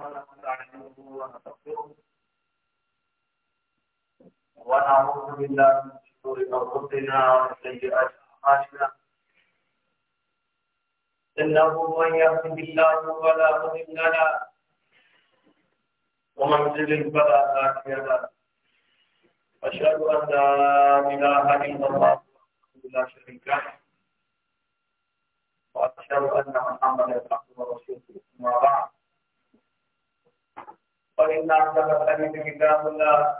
ونعوذ بالله من شرور انفسنا ومن سيئات اعمالنا انه من يهده الله فلا مضل له ومن يضلل فلا هادي له اشهد ان لا اله الا الله وحده لا شريك له واشهد ان محمدا عبده ورسوله اما بعد فإن أصدق الحديث كتاب الله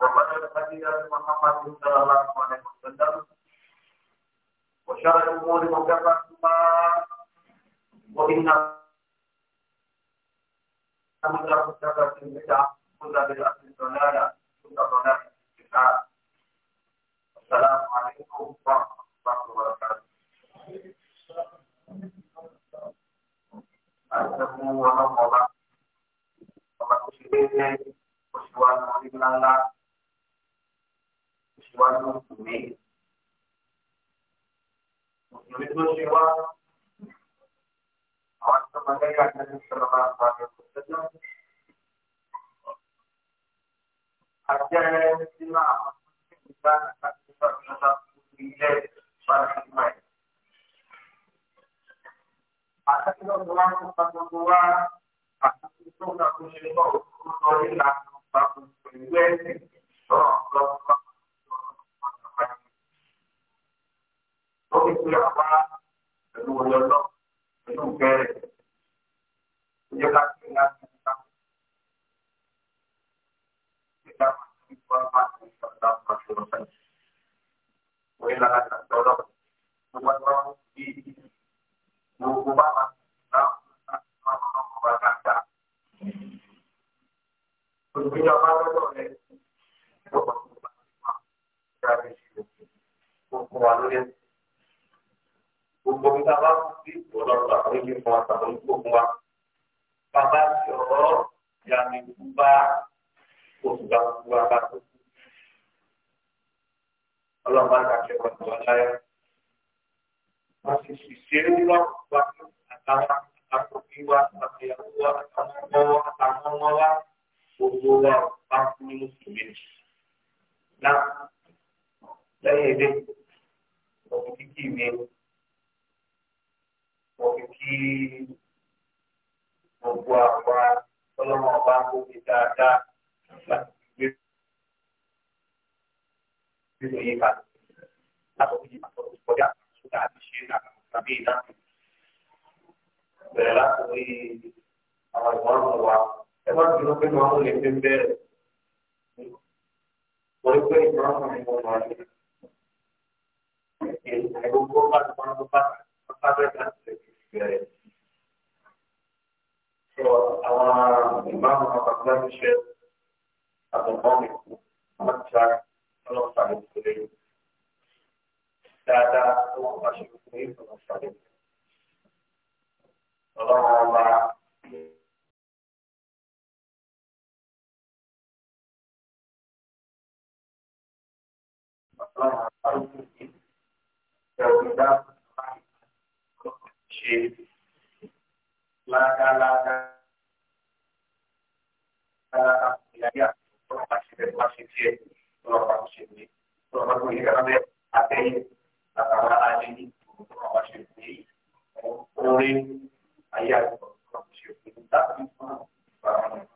وخير الهدي محمد صلى الله عليه وسلم وشر الأمور محدثاتها وإن كل محدثة بدعة كل بدعة ضلالة كل ضلالة في النار السلام عليكم ورحمة الله وبركاته أحسن ورحمة الله ọba tó ṣe déédéé ó sì wá ní orí ńláńlá ó sì wá ní òkùnmí. Mùsùlùmí tó ṣe wá àwọn tó máa lẹ́yìn àjẹsí sọ̀rọ̀ máa ń pàdé kò tẹ́lẹ̀. Àjẹ́ àti tó ń dàgbò ṣe náà ó lọ nílà àpapọ̀ pẹ̀lú ẹ̀sìn sọ̀rọ̀ lọ́wọ́ ó ní pé àwa pẹ̀lú òye ọlọ́ pẹ̀lú bẹ́ẹ̀ ó yẹ ká kí ńlá ti ká nígbà máa ń gbọ́ máa ń sọ ọ́dà máa ṣe ọ̀sẹ̀ òye lára tàbí ọlọ́ gbogbo àgbà bí gbogbo bá máa pátákà. Olùgbéjọba lọ́dọ̀ rẹ̀ lọ́pọ̀ tó bá ti wá jáde sí òkè gbogbo wa lórí ẹ̀. Gbogbo mi ta bá kú sí ìpolọ́pọ̀ àwọn ilé fún àtàwọn olùgbòkun wa. Bàbá ti ọ̀rọ̀ ìyàmì kú bá oṣù bá kú wa bá tó kú. Ọlọ́run á dàkẹ́ wọn lọ́wọ́ láyé. Wọ́n ti ṣiṣẹ́ lọ́pọ̀ àtàwọn àtòkí wa àtàyàwó wa àtàwọn ọmọ wa àtàwọn ọmọ wa gbogbo wa bá fún ní mùsùlùmí ni. náà lẹ́yìn èdè mo fi kíkì mi mo fi kí gbogbo àwa ọlọ́mọ ọba ń gbóbi dáadáa láti gbé nínú yìí ká látọ̀ fún yìí àtọ̀ kọjá àti ṣe àbí ìdáhùn bẹ̀rẹ̀ láti rí àwọn ìmọ̀ràn wa ẹ má bínú pé màá lè fi bẹ̀rẹ̀ wọ́n pé ìmọ̀ràn mi mo mọ̀ ní ìgbàgbọ́ bá ti máa ń bá bá bẹ́ẹ̀ láti bẹ̀rẹ̀. Sọ àwọn ìmọ̀ràn àgbàgbà mi ṣe àtọ̀mọ́ mi kú wọ́n ti ra ọlọ́pàá lè kúlẹ̀ dáadáa tó wọ́n bá ṣe kúlẹ̀ ọlọ́run ọba. Lágalága lágalága ìyáyà ọ̀rọ̀ àṣìṣe láṣìṣe ọ̀rọ̀ àṣìṣe ọ̀rọ̀ àṣìṣe ìgbàlódé àtẹ̀yìn àtàwọn aláàjì ọ̀rọ̀ àṣìṣe orí hay algo que para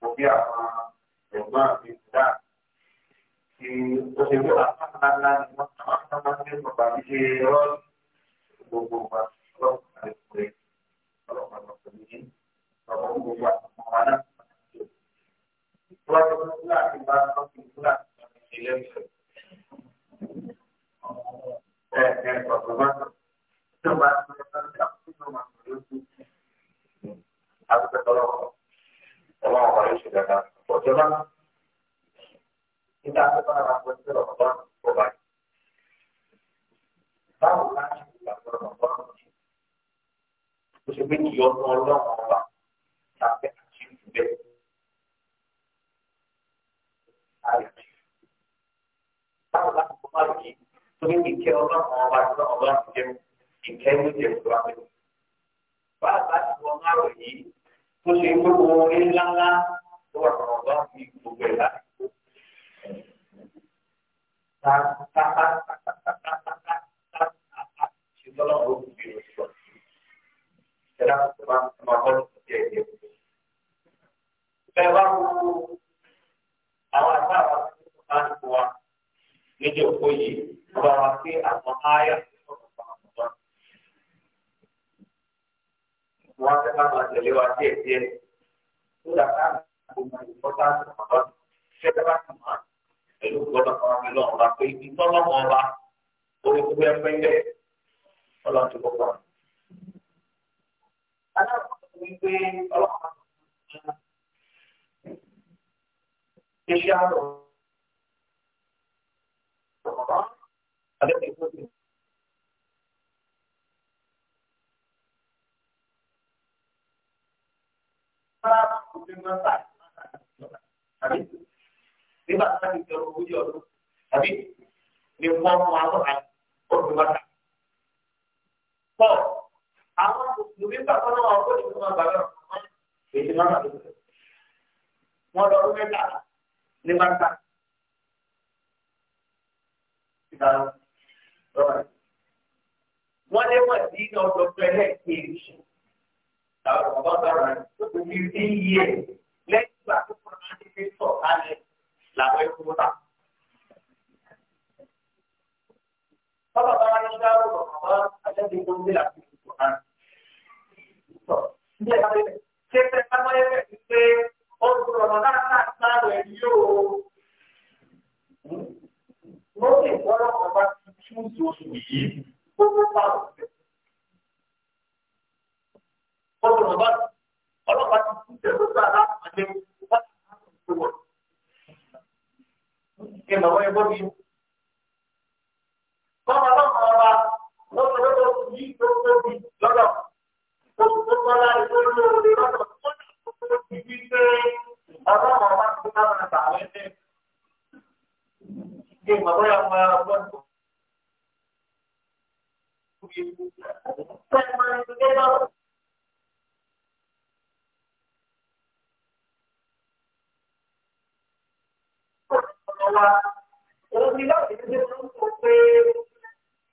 copiar el más y entonces yo la más la más más más para decir un poco más después para para también para un poco más para cuando la que va a continuar silencio eh eh por favor no va a ìkẹ́ ọlọ́run ọba ọlọ́run jẹun ìkẹ́ ló jẹ ìtura mi bá a bá ti wọ́n márùn yìí tó ṣe pé wọn ní ńláńlá tó wà lọ́wọ́ bá fi gbogbo ẹ̀ láti kó. ṣùgbọ́n náà ó fi lè sọ. ìṣẹ̀dá tó bá ń bá bọ́ọ̀lù tó jẹ́ ẹ̀jẹ̀. bẹ́ẹ̀ bá wo àwọn àgbà àwọn tó bá ń bọ̀ wá níjọ́ òkú yìí wọ́n bá wá sí àwọn áyà. wọ́n fẹ́ ká máa tẹ̀lé wa díẹ̀ díẹ̀ tó dàgbà kó máa yọ bọ́tà ọ̀rọ̀ ṣẹ́fẹ́ bá ti máa pẹ̀lú gbọ́dọ̀ kan mi lọ́wọ́ bá pé ibi tọ́lọ́ wọn bá orí gbogbo ẹgbẹ́ ilẹ̀ ọlọ́run ti gbogbo wọn. wípé ọlọ́run ti ṣe àrò ọ̀rọ̀ adébẹ̀kọ́ ti Habis? Riba tadi kalau wujud. Habis? Ni uang malu kan? Oh, riba tak. So, awak muslimin tak pernah apa di rumah barang. Di mana itu? Mau dokumen tak? Ni mana Kita Wọ́n lé wọ́n di ọ̀dọ̀ pẹ̀lẹ́ kejì àwọn ọmọ bá bára rẹ̀ tó kò fi fi ń yí ẹ̀ lẹ́yìn ìgbà tó kọ́ máa ti fi sọ̀ kálẹ̀ làwọn ẹ̀kọ́ wọ́n ta. Bàbá bá wọn ṣe àwọn ọmọ bá aṣáájú tó ń gbé láti fi ti túnṣe oṣù yìí, gbogbo pa òṣèlú fọ́tò rọ̀bá ọlọ́pàá ti kú tẹ̀ tó sáà láàpàdé wọ́n ti máa ń tó wọ̀. ẹ màá wọ́n ẹ bọ́ mi. bọ́lá ọlọ́pàá ọba wọ́n sọ lọ́dọ̀ yìí tó tóbi lọ́dọ̀ tó tó tọ́lá tó lóore lọ́dọ̀ tó tó ti fi pé ọlọ́pàá ọba ti ká máa bà lẹ́sẹ̀. ẹ màá wọ́n ẹ máa gbọ́dọ̀ tó. Thank you. ọ̀sán wa òun ti láti ṣe tó ń sọ pé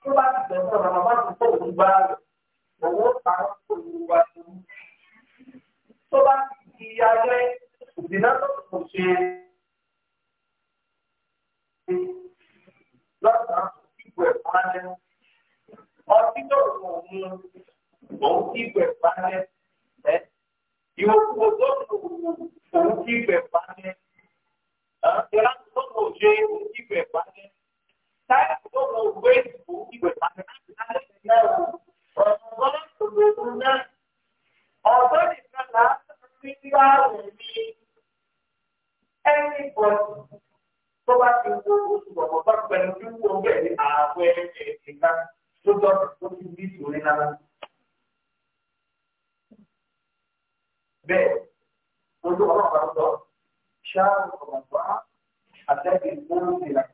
tó bá ti bẹ̀rẹ̀ sọ̀rọ̀ màmá ti kó òun bá rẹ̀ òun ó ta wọn kó òun wá sí i. tó bá ti di alẹ́ ìdìnnà tó kò ṣe lọ́sàn-án ìbò ẹ̀fọn ọtí tó rò òun òun ìbò ẹ̀fọn alẹ́ ìwòkúwò tó rò òun ìbò ẹ̀fọn ṣe òkìkọ ẹ̀fà ní. Táyà tó mọ òwe òkìkọ ẹ̀fà ní láti láti ṣe ẹ̀rọ. Ọ̀gbọ́n òṣèlú náà. Ọ̀gbọ́n nìkan là á fi ń wá òní ẹni bọ̀ tó bá ti wo oṣù bọ̀bọ̀ bá pẹ̀lú bí wọ́n bẹ̀rẹ̀ ní ààbọ̀ ẹ̀jẹ̀ ìka tó jọ tó ti bí ìṣòrí náà. Bẹ́ẹ̀, ojú ọlọ́run ń sọ, ṣáà ọ̀gbọ̀n até que el mundo se la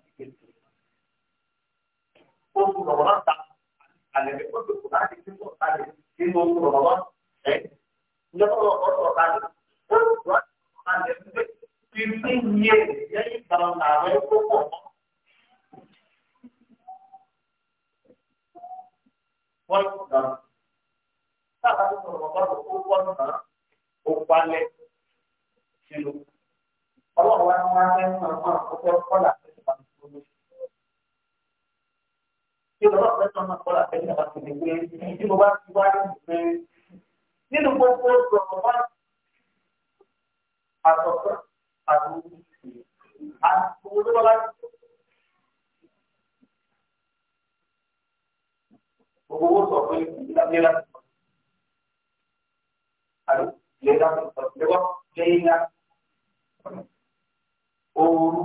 Todo lo va a al efecto popular que es importante, que es nuestro valor, ¿eh? No todo lo importante, todo lo importante, si usted niega, ya hay para una vez poco, Bueno, no. Está hablando de lo mejor, o cuando, o cuando, ọlọ́run wa ni wọ́n á fẹ́ ń sọ̀rọ̀ náà kó kọ́là fẹ́sẹ̀ bá ti tó lóṣù. fẹ́ sọ̀rọ̀ náà kọ́là fẹ́sẹ̀ bá tí mo bá ti wá ní ìgbé nínú gbogbo sọ̀rọ̀ wá àtọ̀kọ́ àtọ̀kọ́ àtọ̀kọ́ láti. owó sọ pé ìdílé láti sọ. Àlọ́ ìdílé láti sọ. Lẹ́wọ́ lẹ́yìn láti sọ ooru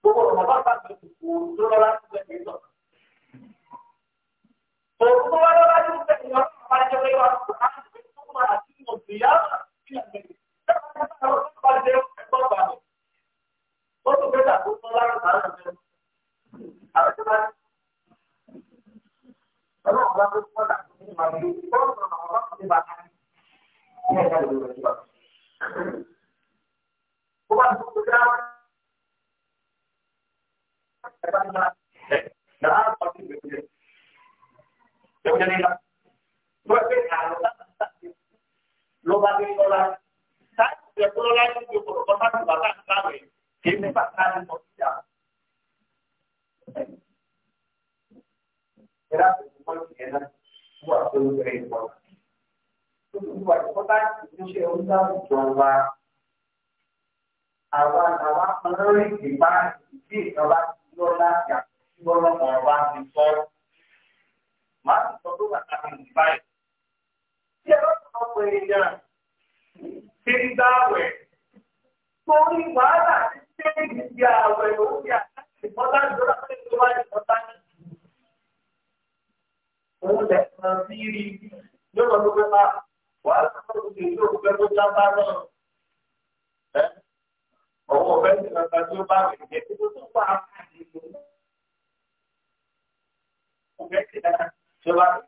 gbogbo ọ̀nà bá bá mi kò tó lọ́la tó bẹ̀ mí lọ. Òun tó wá lọ́la tó bẹ̀ mí lọ bá jẹ́ pé wà á máa ń tó máa àti mọ̀ sí yá sí àgbẹ̀rẹ̀. Ṣé wọ́n ti bá jẹ́ ẹgbọ́n bá mi? Ó tún bẹ́ẹ̀ dàgbó tó lára bá rẹ̀ mẹ́rin. Àwọn tó bá Ọlọ́run bá tó kọ́ dà ní ìmọ̀ mi. Bọ́ọ̀lù ọ̀nà ọ̀rọ̀ ti bá a. Ní ẹ̀ka ìlú rẹ̀ ti bá a ó bá tó tó dá ẹ bá nílá ẹ nàá bá tó tó dé ẹ wọ́n jẹ́ nílá wọ́n pè é àlọ́ láti ló bá dé lọ́la táyì ìjẹ́ kó lọ́la yóò gbé kọ̀ọ̀kọ́ táyì bàbá ń sáré kì í ní bàtà ní mọ̀ sí àwọn. era por era o ator do rei Paulo. Tudo o importante é que você usa o João lá, àwa àwa olórí ìgbà tí ìjọba lọ láti àkókò ọlọ́pàá ọba ti sọ. Màá ti sọ tó bàtà mi nípa ẹ̀. Tí ẹ bá sọ pé èèyàn ti ń dá àwẹ̀, torí wàhálà ti ṣe ìdí àwẹ̀ lórí àti ìmọ̀lá ìjọba tó ń wá ìmọ̀lá ní. Òun lẹ̀ kan sí rí yóò lọ ló pé wàhálà tó ń ṣe yóò fẹ́ ló jábá náà ọwọ́ bẹ́ẹ̀ ti kankan tí ó bá rẹ̀ jẹ́ tí ó tún wà á ní ìlú. ọwọ́ bẹ́ẹ̀ ti kankan tí ó bá rẹ̀.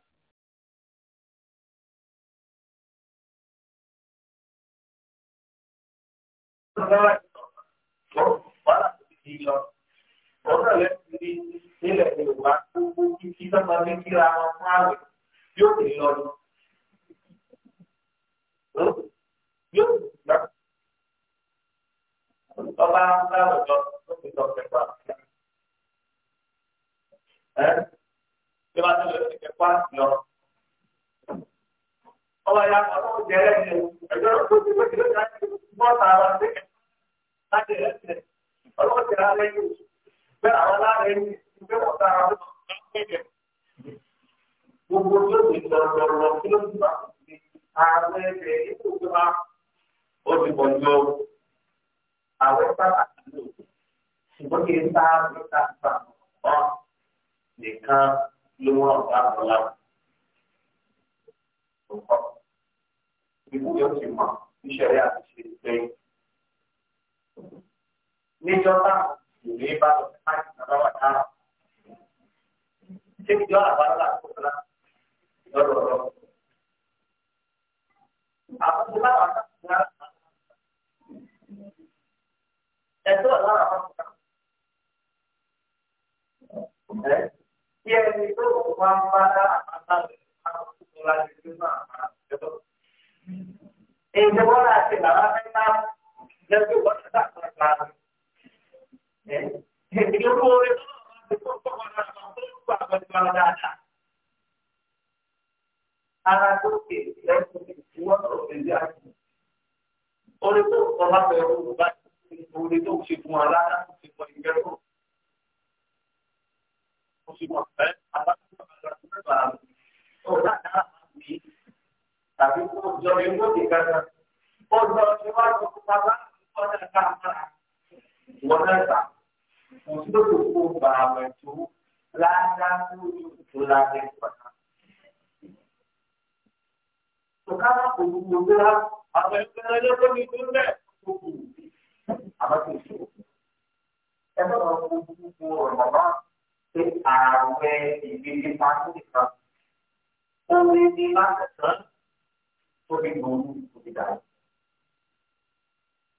Ọ̀rọ̀ rẹ̀ ti di nílẹ̀ Yorùbá gbogbo kíkí tó máa ní kíra wọn fún àwẹ̀ yóò lè lọ lọ. Yóò lè lọ. Tọ́ba ń bá lọ́jọ́ fi ti lọ sí lọ. Ọba ya ọlọ́run jẹ́ ẹ̀rẹ́ mi ẹ̀jọ́ tó ti wọ́n ti lọ sí bọ́ọ̀tà ara sí kẹfà láti àwẹ̀ sábà lò ṣùgbọ́n kí n bá ló ta gbà ọ́ nìkan ló wọ́n bá lọ láwù. Ìbú yóò ti mọ̀ ìṣẹ̀lẹ̀ àti ṣe ìgbẹ́yìn. Níjọba ìlú Ìbàdàn láti sábà wà náà. Ṣé ìjọ àbálà tó kọ́lá lọ́dọọdọ? Àwọn ìlú àwọn àgbà ẹ̀tọ́ lára wọn kà. Tí ẹni tó wá ń bá dára bàbá rẹ̀ máa kú tó láti fi máa bá jọ. Èdè wọn láti bàbá mẹ́ta lẹ́gbẹ̀ẹ́ wọn nígbà tó ń bá rẹ̀. Èdè ló kó orí tó ń bá wọn láti kó àwọn ìgbà wọn dáadáa. Ara tó kéde lẹ́kùn ìwọ́n tó kéde orí tó ń bá wọn lọ́wọ́ báyìí orí tó ṣe fún aláàdá tó ṣe fún ìgbẹ́rù. Mo ṣe mọ̀ pé aláàdá tó ṣe fún aláàdá tó dáadáa mi tàbí kó jọ ewu òde kankan. Ó lọ síwájú fún aláàdá tó ṣe fún aláàdá wọn náà gbà. Mo ti lóko kó gba àwọn ètò láàdá tó ní òtò láàdá ìpàdà. kò wúwo bí wá àwọn ẹgbẹ́ ẹlẹ́gbẹ́ mi tó ń bẹ̀ tó àmọ́ kì í ṣe òkú. ẹ gbọ́dọ̀ kó gbogbo ọ̀nà náà pé ààrẹ ìgbésẹ̀ pàṣẹ nìkan ó lé ní lákàtà tó fi gbòòrò òbí dà.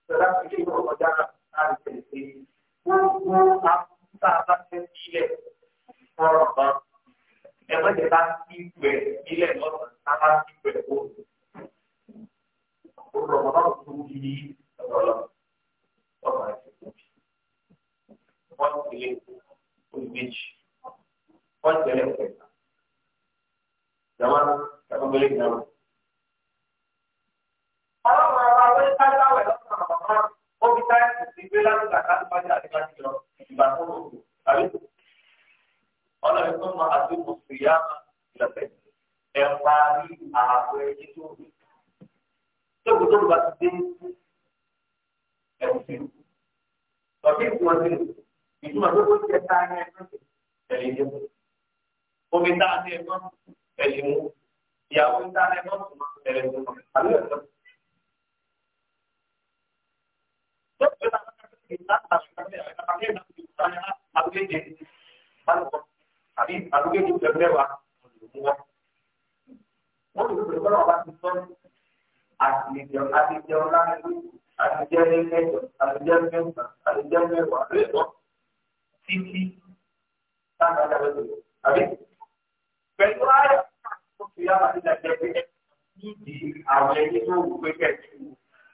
Ìjọba ti ṣe ìwé ọjà náà láti ṣe gbogbo àbúrò àbá ṣe sílẹ̀ fọ́rọ̀ kan. Ẹ má jẹ́ bá sí ìwẹ̀ sílẹ̀ lọ́nà tá bá sí ìwẹ̀ òòlù. Òòlù ọ̀nà náà tó yí ọ̀rọ̀ lọ ọ̀rọ̀ àti kejì wọ́n tẹ̀lé olùbejì wọ́n tẹ̀lé kẹta jama ẹgbẹ́gbẹ́lé jama. ọlọ́run ọba wọlé kájá wẹ̀ lọ́sàn-án àbàmọ́ ó fi táyà sí gbé láti kàkà tó bájà àti bájì lọ ìgbà tó ń lò tàbí kò. ọlọ́run tó mọ àdúgbò fìyà ìlọ̀fẹ́ ẹ̀ parí ààbò ẹ̀jẹ̀ tó ń lò. tó kù bá ti dé ẹ̀wọ̀n sí. Bàbá ìtumọ̀ sí ìtumọ̀ tó kó tiẹ̀ tá a ní ẹ̀fọ́n tẹ̀lé ní mú. Omi tá a ní ẹ̀fọ́n tẹ̀lé mú. Ìyàwó tá a ní ẹ̀fọ́n tó máa tẹ̀lé mú. Àlọ́ ẹ̀fọ́n. Wọ́n ti sọ̀rọ̀ bá ti sọ àtìlẹ́jọ́ àtìlẹ́jọ́ láàrin àtijọ́ ní mẹ́jọ àtijọ́ mẹ́fà àtijọ́ mẹ́wàá lẹ́tọ̀ títí táwọn àgbàdo lò àbí. pẹ̀lú ayọ̀ tó fi yá àti ìdájọ́ pé níbi àwọn ẹni tó wù pé kẹ̀kẹ́ wù.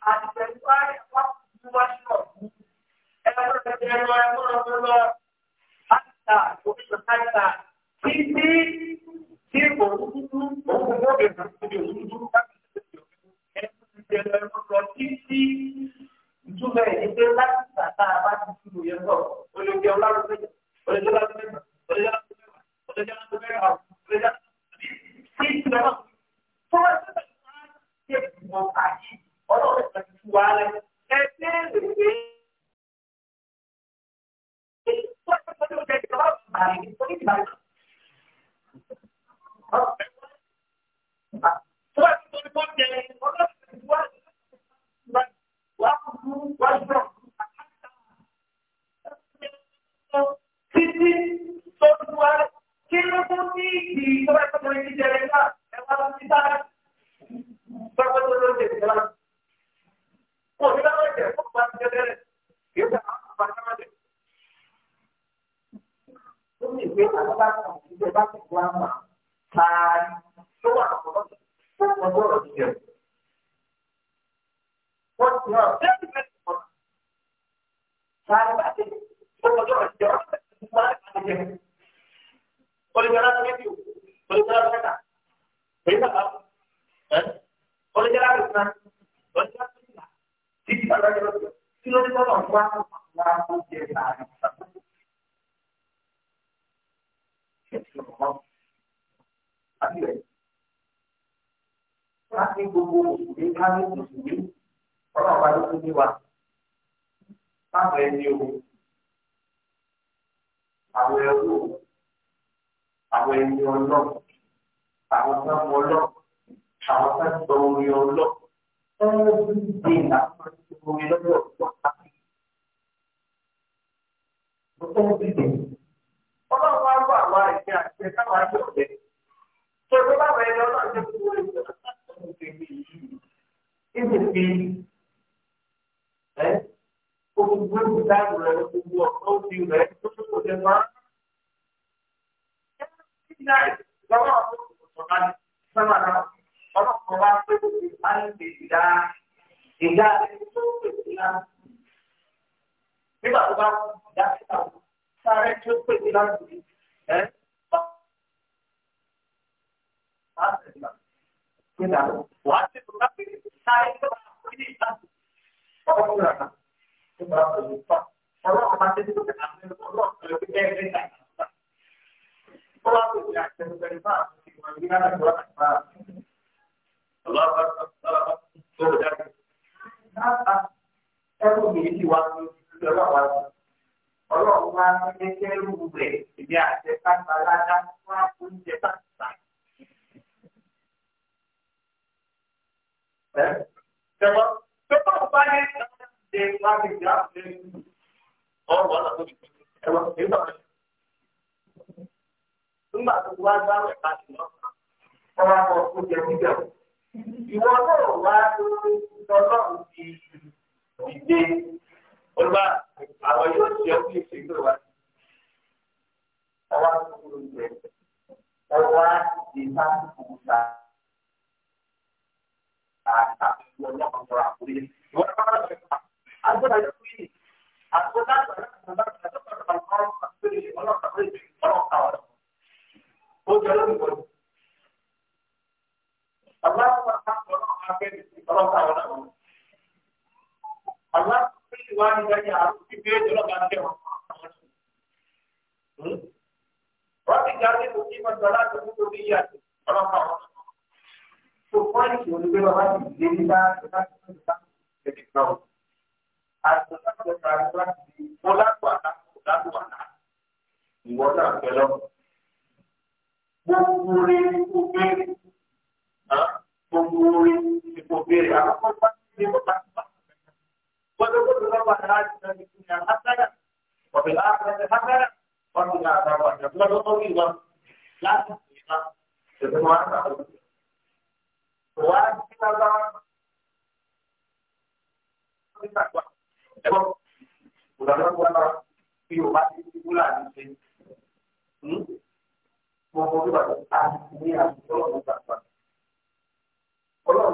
àti pẹ̀lú ayọ̀ wọn kú wá sí ọ̀gbìn ẹ̀rọ tẹ̀lé ẹ̀rọ ẹ̀rọ ẹ̀rọ lọ àtà òṣìṣẹ́ àtà títí tí òun dúdú òun gbọ́dọ̀ ìgbà tó di òun dúdú káàkiri ṣe lọ ẹnu sọ títí ìtumọ̀ ẹ̀ ní pé láti sàtà bá ti ti lò yẹn lọ olùkẹ́ ọlọ́run olùkẹ́ ọlọ́run mẹ́ta olùkẹ́ ọlọ́run mẹ́ta olùkẹ́ ọlọ́run mẹ́ta títí lọ́wọ́ tó wá sí ṣe ìmọ̀ àyè ọlọ́run kan ti wá lẹ ẹ bẹ́ẹ̀rẹ̀ pé èyí tó wá sí ọjọ́ ìjọba ìgbà yìí tó ní ìgbà yìí. Tó wá sí ọjọ́ ìjọba ìgbà yìí. وأخذوا وأجبروا títí tó ń wá kí ló tún ní ìdí ìjọba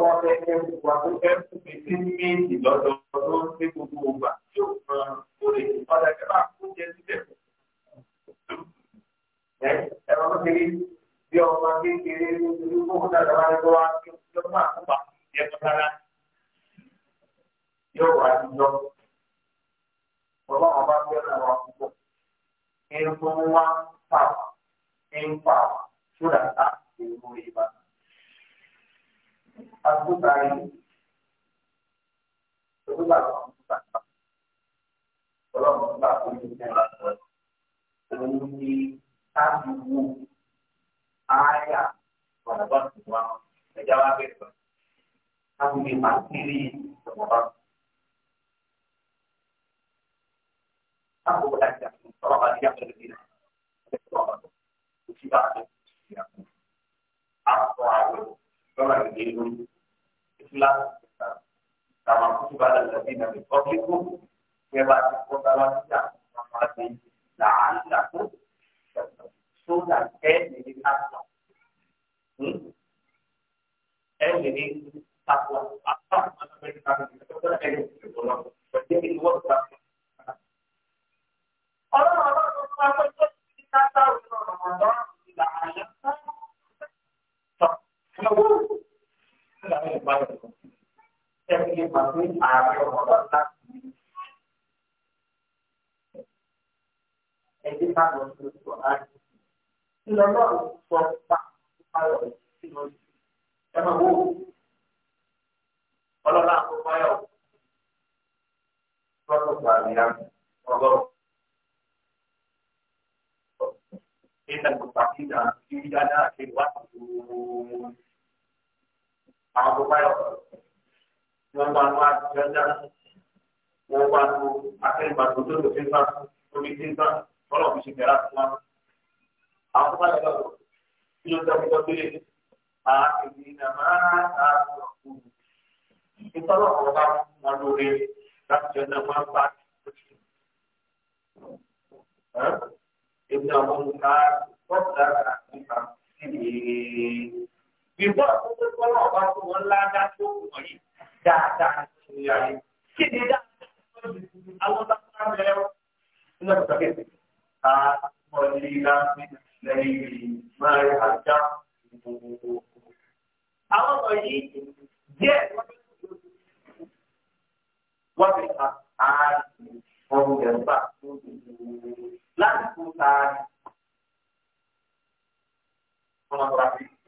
wá fẹ́ fẹ́ gbogbo akókẹ́ fún mi sí méjì lọ́dọ̀ tó ń gbé gbogbo ògbà yóò kan ó lè fi padà kẹ́bà kó jẹ́ síbẹ̀. ẹ̀rọ tó kéré bí ọmọ kékeré lójú kókó dàgbà wá lọ́wọ́ wá kí ó máa kó bá yẹ kó rárá yóò wá lọ. ọlọ́run bá fẹ́ ra wa púpọ̀ ẹ̀rọ tó wá pàwọ́ ẹ̀ ń pàwọ́ sódà tá èrò ìbàdàn àtúntà yìí tó bá tó àtúntà kà ọlọ́run bá tó ní ìfẹ́ lọ́wọ́ òun ni káàdì wù áyà ọ̀nà bá tó wà ẹ̀já wa bẹ̀rẹ̀ lọ káàdì lè máa kiri ọ̀nà bá tó. Aku berada di orang yang berbeda. Aku berada di orang yang berbeda. Aku berada sọ́ra gègé lórí ìfúláṣí ìta tàwọn akókò bá dàgbà bí nàbí pọ́blíkù fẹ́ bá ti kọ́ bá wá sí àwọn àti làálà tó sódà ẹ̀ nìyí kápá ẹ̀ nìyí kápá apá àwọn ọmọ ẹ̀ka ìgbésẹ̀ ẹ̀ nìyí kápá ọ̀dẹ́ ìwọ́ ìta. ọlọ́run ọlọ́run tó máa ń pẹ́ tó ti ká sáwọn ọ̀rọ̀ Ẹ̀yin pàṣẹ ààrẹ ọ̀rọ̀ láti ẹ̀jẹ̀ ká àwọn tó báyọ̀ wọ́n wá wá jẹ́jà wọ́n wá tó akẹ́rìnbàtò tó lò sí nfa omi sí nfa wọ́n lọ fi ṣe tẹ̀lá fún wa. àwọn tó báyọ̀ lọ kí ló dá wíjọ tó lè a èmi nà máa ta ọ̀hún. nítorí ọ̀rọ̀ bá wọn lóore láti jẹ́jà máa ń bá èmi náà wọ́n mú ká tọ́jú dára nípa sí ìrìn ìgbọ́ àkókò kọ́lá ọba tó wọn ládá tó wọ̀ yìí dáadáa ìyá yìí. kí ni dáadáa àwọn bá bá rẹ̀ ọ́ nígbà tó sọ́kè sí. a wọlé láti lẹ́yìn máa ń àjà gbogbo. àwọn ọmọ yìí díẹ̀ wọ́n fi hàn áàdì ọ̀hún ẹ̀fà tó dùn. láti kú sáà ọmọ bàbá yìí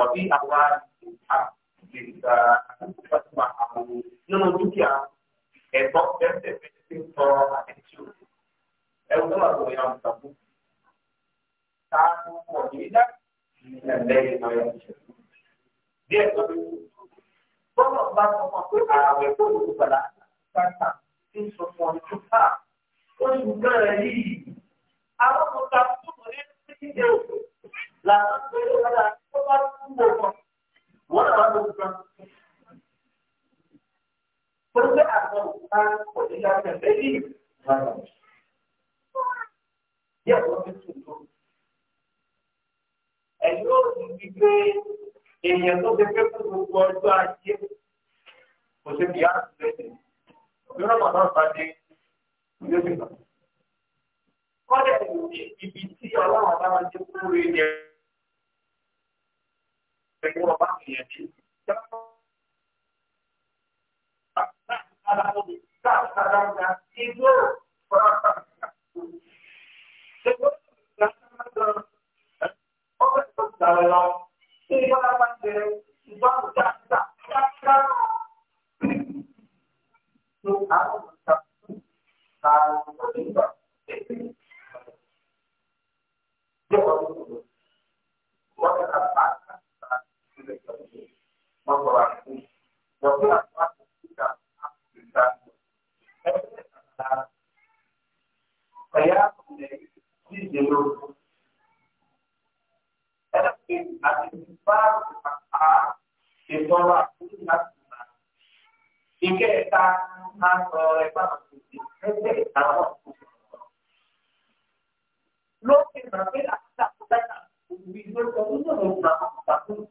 wàbí àwa ìta lè gba àtúntò àwọn nínú dúkìá ẹ̀tọ́ bẹ́ẹ̀ bẹ́ẹ̀ ti ń tọ́ àtẹ̀tí o. ẹ̀rù tó wà tó yà wọ́n tàbí. ta ló pọ̀ ní ilé lẹ́yìn náà yà wọ́n ṣẹ̀kú. bí ẹ̀tọ́ bí bọ́lá bá sọ fún pé ààwẹ̀ tó lò ó ti ń sọ fún ọ ní kíkà oṣù mẹ́rin yìí àwọn ọmọ ta fún ọ ní ẹgbẹ́ làwọn tó yẹ wọn là tó bá kú wọn kọ wọn là wà ló kú kan. pẹ̀lú àwọn òkúta kò ní ká tẹ̀ lẹ́yìn ìgbà yẹn. díẹ̀ wọ́n fi tún tó. ẹ̀yin ó rí i pé èèyàn tó ti fẹ́ fún gbogbo ọjọ́ ajé kò sí kí á tún lẹ́yìn. òbí rẹ̀ mọ̀ náà bá dé ilé ìgbà. Kọ́lẹ̀ ìwé ibi tí ọlọ́run bá wá dé kúrò ní ẹ̀rọ pẹ̀lú Thank you. Lo que me da la puta, mi hijo, no me da la puta.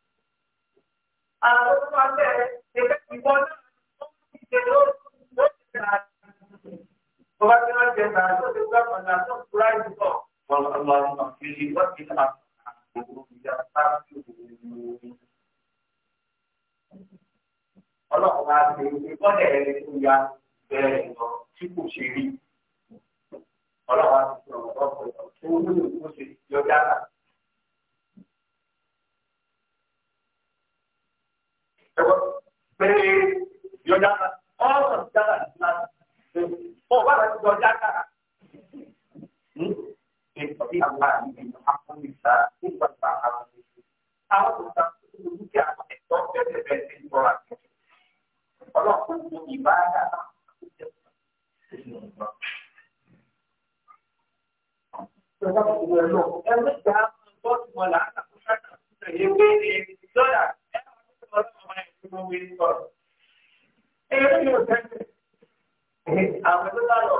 àwọn tó wá bẹ̀rẹ̀ ẹgbẹ́ ìbọn náà ó ti ṣe lórí ó ti ṣe àti tó bá ti rájẹ gbà tó ti gbà padà tó ti ra ìbùkọ. wọn lọ mọ kiri wọn ti ta gbogbo ìyá sáfì òwúrọ̀. ọlọ́run máa ṣe ìbọ̀dẹ̀ ẹni tó ya bẹ́ẹ̀ lọ tí kò ṣe rí. ọlọ́run á ti sọ̀rọ̀ ọ̀pọ̀ ìtọ́jú ó ní ìkóṣe yọjá náà. pé yọjá ká ọ̀sán ti jára ní kíláàsì ọ̀ bá rẹ̀ ti yọjá ká. Ètò ìyá wa ní ìlú Afọ́nìta nígbà tá a lọ sí. Hmm? Àwọn òṣìṣẹ́ tó ń lù kí àwọn ẹ̀tọ́ bẹ̀rẹ̀ bẹ̀rẹ̀ sí ìtọ́ àti ọlọ́pàá ń lo ìbáradà náà. Ìjọba ti wẹ̀ lọ, ẹ lè gbà bọ́ọ̀lù mọ́lá àtàkùn ṣáàkà fún ẹ̀yẹ pé lọ́yà ẹ̀ máa ń sọ̀rọ̀ ọmọ ẹ̀ tí wọ́n gbé sọ̀rọ̀. Ẹ yóò tẹ́lẹ̀. Àwọn tó bá lọ.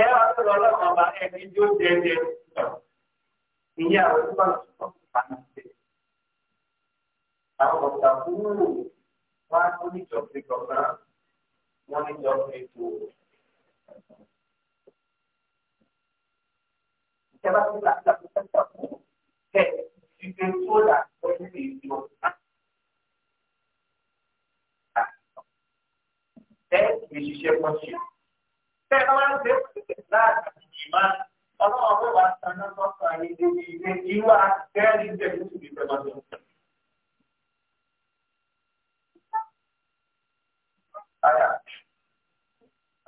Ẹ wá tó lọ lọ́kàn ọba ẹni tí ó jẹ jẹ. Ìyá àwọn tó bá lọ sọ̀rọ̀ pa ní ṣe. Àwọn ọ̀tà kúrò wá tó níjọba ìjọba wọ́n níjọba ètò. Ìjọba tó ìjọba. ẹ lè ṣiṣẹ́ pọ̀ sí. bẹ́ẹ̀ ló máa ń ṣe pẹ̀lú láàbàtì ìmá ọlọ́wọ́ bó wàá san náà sọ́kọ̀ ayé débi ilé ìwà kẹ́rì ń tẹ̀lé sí ìfẹ́ lọ́dọ̀. Aya,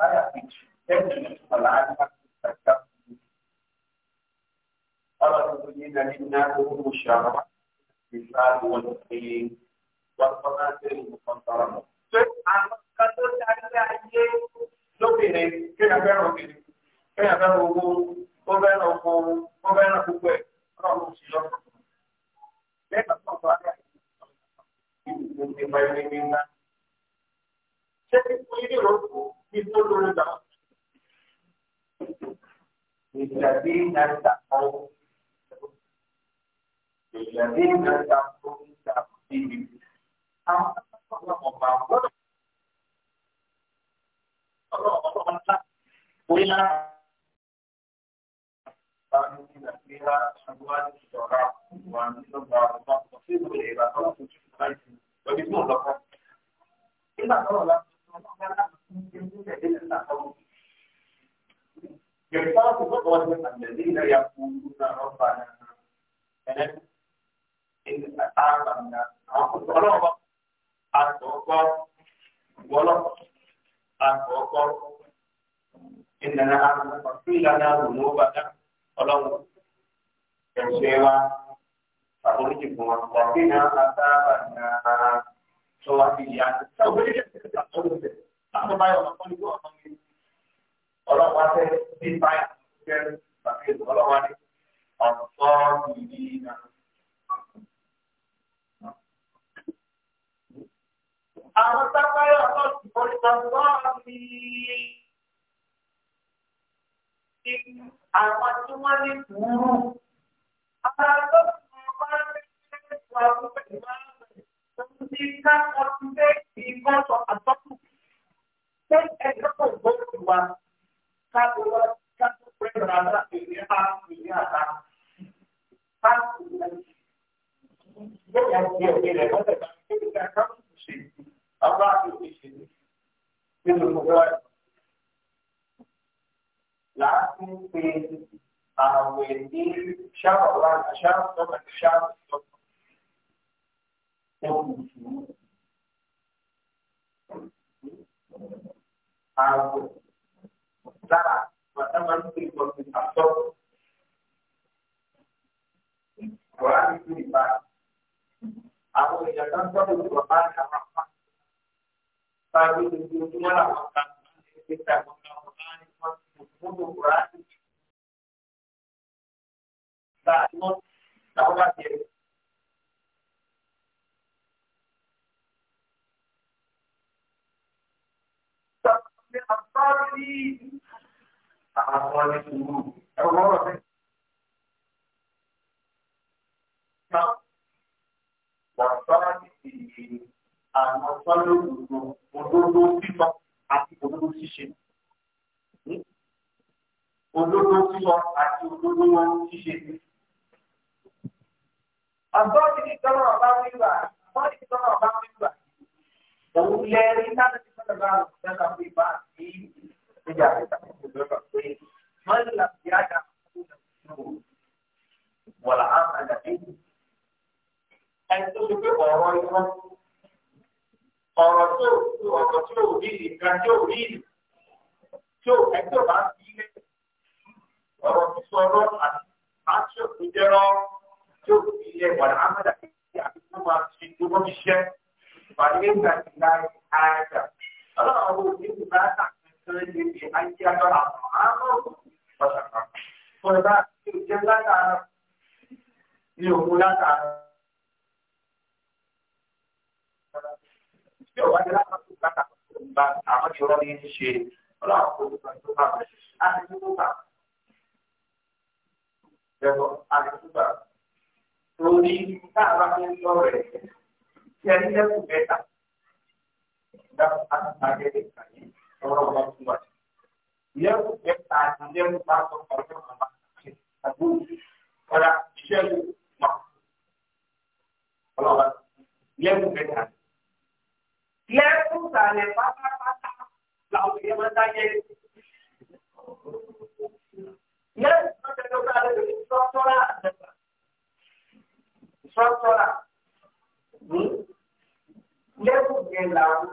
aya, ẹ̀jẹ̀ ní ìfọ̀lá àdìmá ti ń tẹ̀lé. Ọlọ́run tó yé náà nínú náà owó mo ṣe àwọn ìfẹ́ àwọn ìfẹ́ ní pé wọ́n fọ́n náà tẹ̀lé ìfọ̀ntọ́rọ̀ mọ́ nǹkan tó darí ayé lóbìnrin kéèyàn fẹ́ràn obìnrin kéèyàn fẹ́ràn owó ó fẹ́ràn oko ó fẹ́ràn gbogbo ẹ̀ ọlọ́run ti lọ. bẹ́ẹ̀ bá tọ̀ bá dà ìlú ti mọ ẹni ní ńlá. ṣé kíkú yìí ló kú kí tó lórí gbà. ìgbàdí náà dàpọ̀ ìgbàdí náà dàpọ̀ ìgbàdí. àwọn akẹ́kọ̀ọ́ ọ̀gá gbọ́dọ̀. قلنا فيها أبواب الشراب وأنزل الله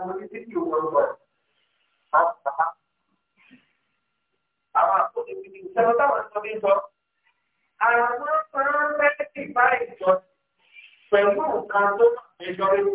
orí títí òun lọ àbá àwọn àkóso ìpínlẹ̀ ìṣẹ́wọ́n táwọn sọ bí sọ àwọn máa ń fẹ́ ìbá ìjọ pẹ̀lú nǹkan tó ń jọ rí.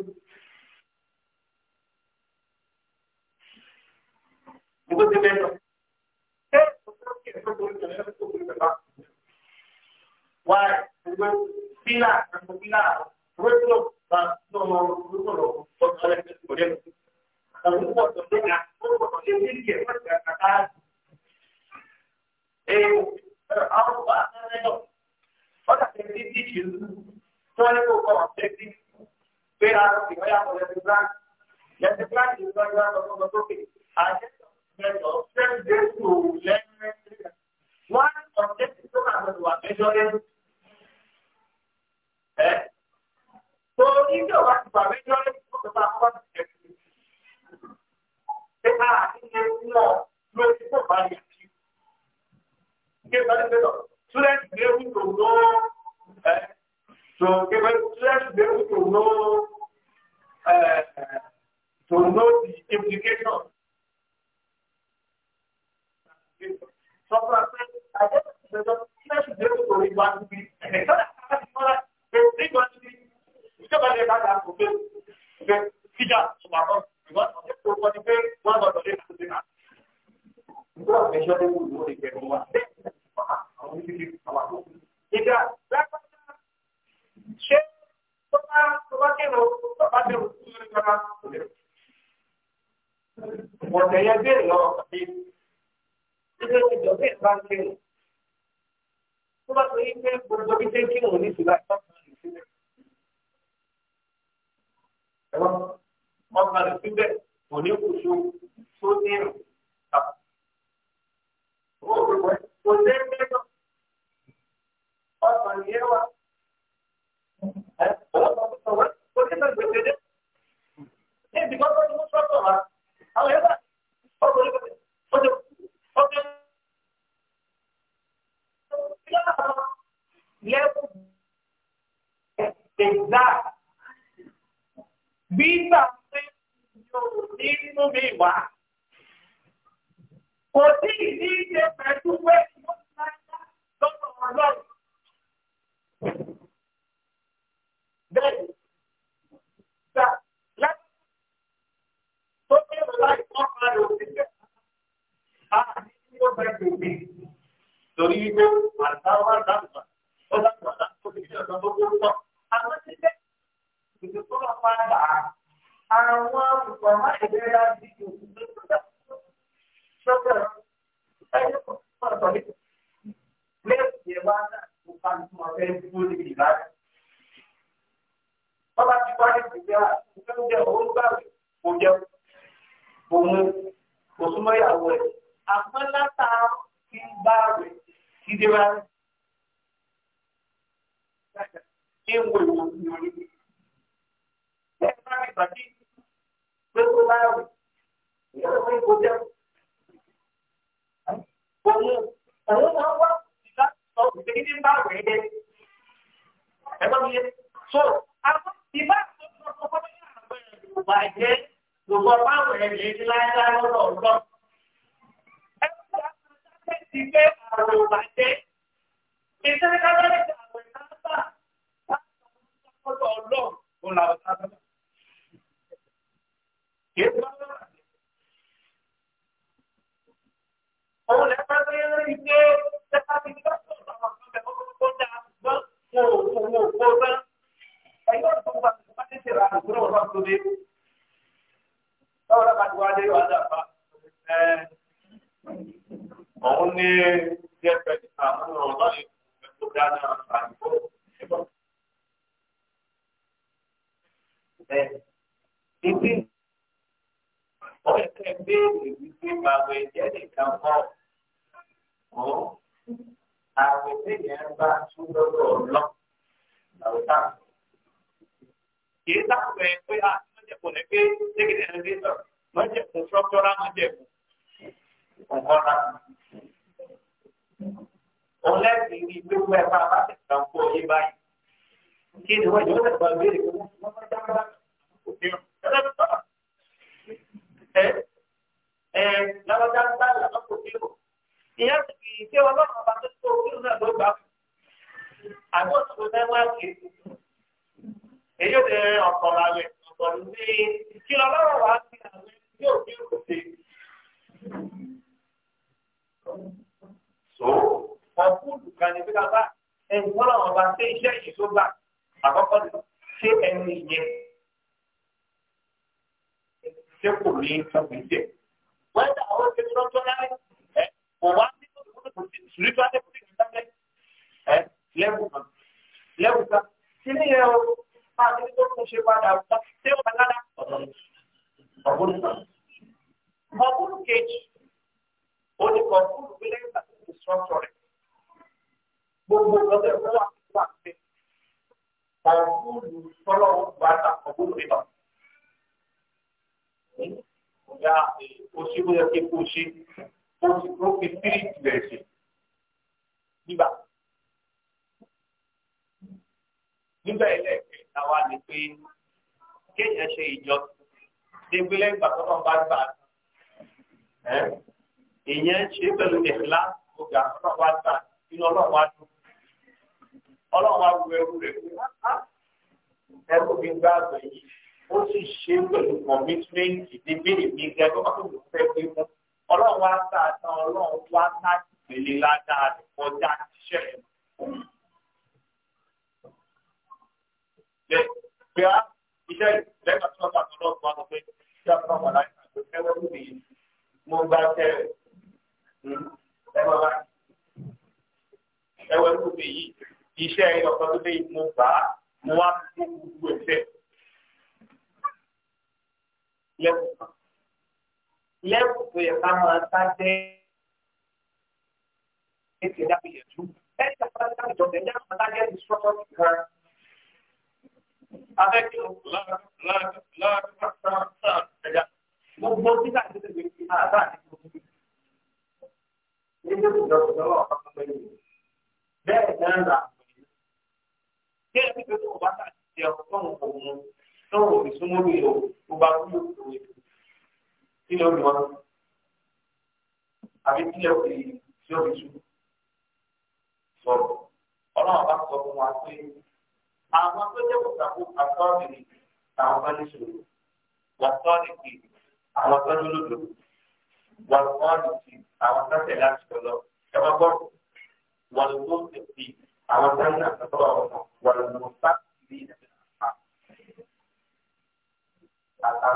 সাথে কাজ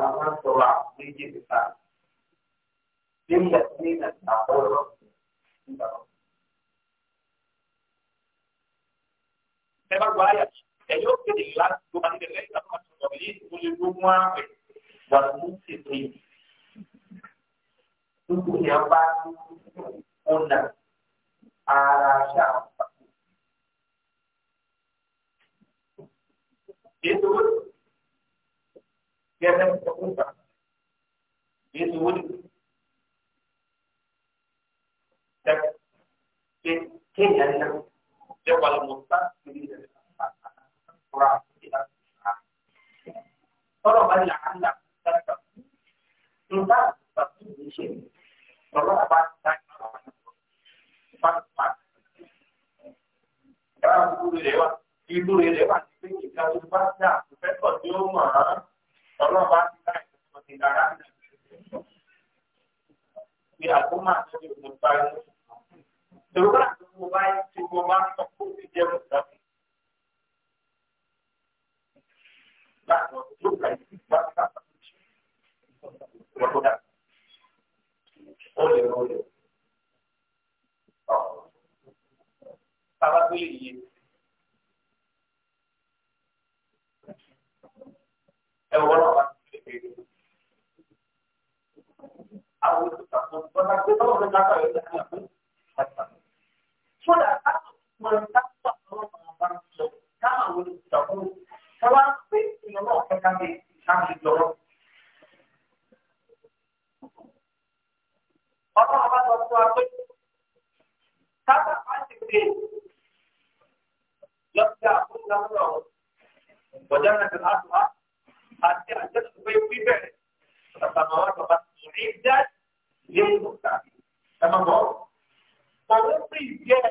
àwọn máa ń sọ̀rọ̀ àwọn méjì níta. Nígbà tí nígbà tí àwọn ọ̀rọ̀ nígbà wọn. Ẹ bá gba ayà ẹ yóò kéde láti tó bá nílẹ̀ lẹ́yìn àwọn àti ọ̀rọ̀ yìí tó lè gbógun ààrẹ wà ní ìṣètò yìí. Dúkú ni a bá ọ̀nà ara ṣáà. Ètò ó كيف تكون بعد بسهولة كيف أن جبل المستقبل طلبا لعلك تتقي إذا تتقي بشيء رغبة Ìdúró ilé wa ti pé kíkà tó bá dà, ìfẹ́kọ̀ọ́ tí ó mọ̀ ọ́n. Ọlọ́run bá ti báyìí tó ti dára ní ìṣòro. Bí àkómà tó ti wù báyìí. Ìrora tó wù báyìí tí mo máa ń sọ kó ti jẹ́ mùsàlùmí. Báwo ló ka ìdí bá ká lọ́kọ́dá? Ó lè ó lè. Bàbá tó lè yé. ẹ̀wọ́n náà wà ní kékeré. Àwọn olùkọ́ ọ̀nà tó bá wọn lọ́kọ̀ yóò dá àwọn ọ̀hún pàtà. Sọ́dà láti mọ ìdájọ́ àwọn ọmọ bá ń sọ káwọn àwọn olùkọ́ ọ̀hún káwá pé ìyọ̀ náà fẹ́ ká bẹ̀ káàkiri jọ̀rọ̀. Ọlọ́run bá sọ fún wa pé káàkiri bá ti pè lọ́sí àkókò àwọn ọ̀rọ̀. Bọ̀dá náà ti láti wá àti àjẹsọ pé bíbẹ̀rẹ̀ tàbí àwọn àgbà rí dá lé lọ́ta tàbí mọ́. Òun sì jẹ́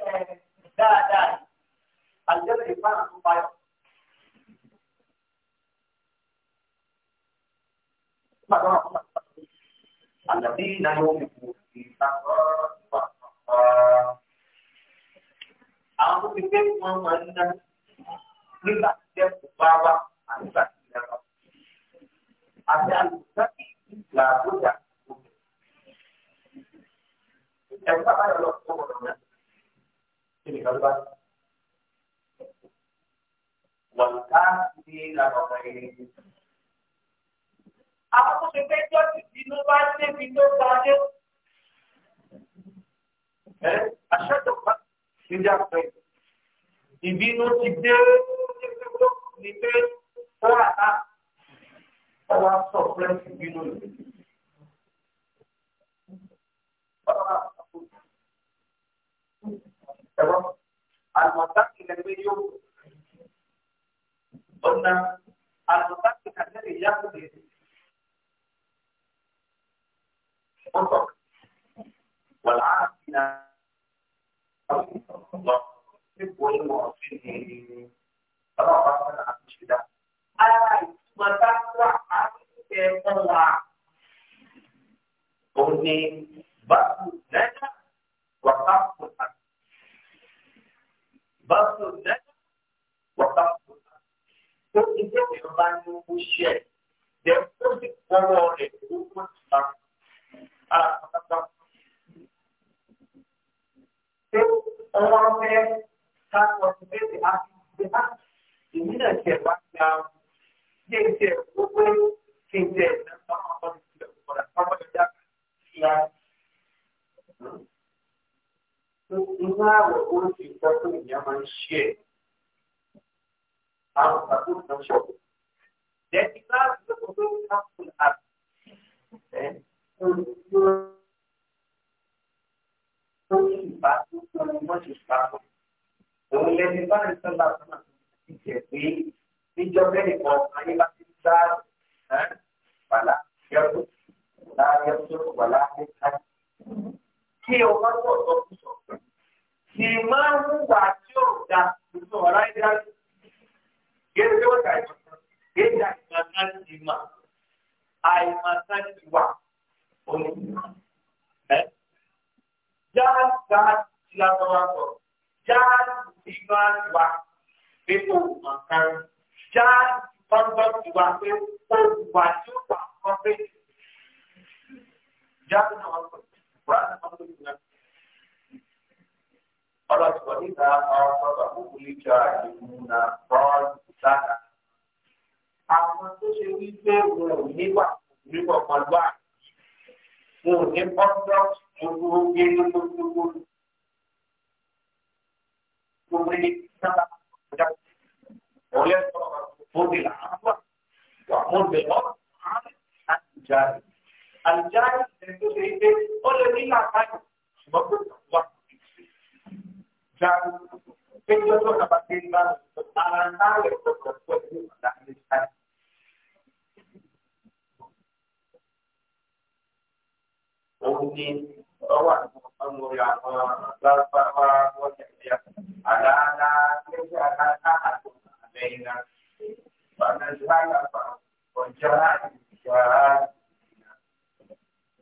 dáadáa àjẹsọ ìpára tó báyọ̀. الذين يؤمنون àwọn òṣìṣẹ́ wọn máa ń ná nígbà tí ẹ̀kọ́ bá wà àti ìgbà tí ìyá bá wà àbí àlùfáàkì ìgbà àgbọjà òkè. ẹ̀rù bàbá yọ lọ fún ọ̀rọ̀ náà kí ni kàlùbá. wọ́n ká sí ìlànà ọ̀gá yìí. àwọn tó ṣe pé jọ́sì tìǹbù bá débi tó bá dé. ẹ aṣáájú ọ̀gá ti dá pẹ́. ìbínú ti dé ní pé ó wà ọwọ́ sọ fúrẹ́ǹsì bínú rẹ̀. Ẹ̀rọ àlùmọ̀tàkì lẹ́gbẹ́ yóò ọ̀nà àlùmọ̀tàkì kàtẹ́lẹ̀ yàtọ̀ lè ọ̀tọ̀ wọ̀lá àbínà ọ̀tọ̀ níbo ni wọ́n fi ní ọlọ́pàá àti ṣẹ̀dá. Ara ìtọ́ mọ̀tàkùwà àtúntẹ̀ fún wa. Òun ni báàbù lẹ́yìn wàkàkù àti. Báàbù lẹ́yìn wàkàkù àti. Ó ti jẹ́ ìrọ̀lá ní owó ṣẹ́ ẹ̀. Jẹ́ ó sì kọ́wọ́ rẹ̀ tó kó ti bá a pàtàkì. Ṣé ọmọ ọmọ ká lọ sí bẹ́ẹ̀ bí a ti gbé bá? Èmi náà wá sí àwọn jẹ́jẹ́ gbogbo jẹ́jẹ́ nípa ọmọ ìṣẹ̀lẹ̀ ọ̀pọ̀lọpọ̀ ọmọ ìjà ìyá. Inú àwẹ̀ oríṣi nǹkan tó ènìyàn máa ń ṣe ẹ̀. Àwọn ìgbàgbọ́ kan ṣọ̀. Lẹ́yìn láti lọ́kọ̀ọ́ tó ń ká fún àbí. Oríṣi ìbátan tó ń mọ̀ ṣe pàtó. Òun níjọ́ mẹ́rin kan ayé bá ti dá wàlá yẹ́pọ̀ wàlá yẹ́pọ̀ wàlá yẹ́pọ̀. Kí o má sọ sọkúsọ. Sì máa ń wà tí ò da nínú ọ̀rá ìdá. Yẹ́n tí wọ́n ta ìmọ̀kan, yẹ́n tí àìmọ̀kan ti mà. Àìmọ̀kan ti wà òní. Jáàgbá ti lásán wá sọ. Jáàgbá ti máa wà nínú ọ̀kan já gbangba ìwà pé ó wà tí ó wà kọ́ pé já ní àwọn ọ̀rọ̀ àwọn ọ̀rọ̀ ìgbà. Ọlọ́sọ̀ nígbà àwọn ọ̀rọ̀ àkókò lè jọ àìmúna bọ́ọ̀lù sára. Àwọn tó ṣe wí pé wọn ò níwà níwà ọmọlúwà. Wọn ò ní pọ́ńtọ́ gbogbo gbé gbogbo gbogbo. Gbogbo ويضرب خذ العفو وخذ بالعرف عن الجاهل الجاهل عنده شيء قل لي لا حاجه مبروك الله جاهل فكرة تبديل ما أنا نعرف تقول نحن نحن Kemudian orang menguliakan, berapa orang yang dia ada anak, dia ada anak, بيننا ونزال وجاء جاء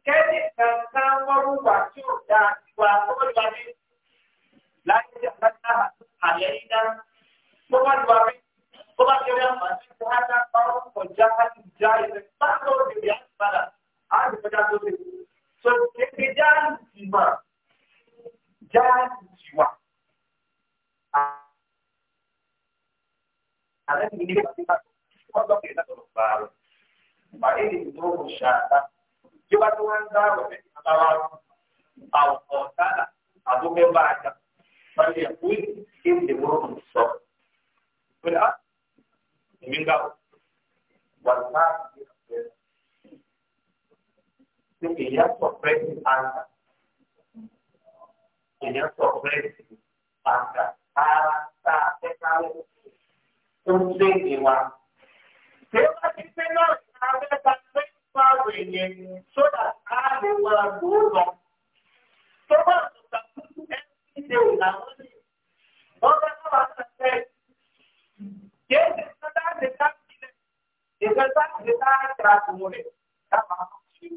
kẹ́ni kankan wọ́n wà tí ò da ìwà àkọ́bọ̀lùwàbí láyé tí a bá dá àlẹ́ yín dá tó bá lu abẹ́ tó bá kéré àmàlẹ́ tó bá dá pàrọ̀ kọjá láti já ìfẹ́ bá tó bèrè àti padà á lè kọjá tó lè so kékeré já ìmọ̀ já ìwà. Anak ini pasti kalau kita terus baru. ini itu syata. Jika Tuhan tahu, kalau tahu kota, atau membaca, bagi yang pun tim diurus sok. Sudah, minggu. Walmart, itu dia sorpresi angka. Dia sorpresi angka. Cara tak sekali tó ń lé ní wa. Ṣé ó bá ti pé náà abẹ́ta pé báwo yẹn sódà á lè wọ àgbo lọ? Tó bá àtúntà fún ẹ́sì ṣe ìlànà ní ọ̀gá náà wà sẹ́sẹ́. Ṣé ìṣẹ́ tá a lè dá sílẹ̀? Ìṣẹ́ tá a lè dá àjà àtúnwò rẹ̀ dábàá fún ṣe.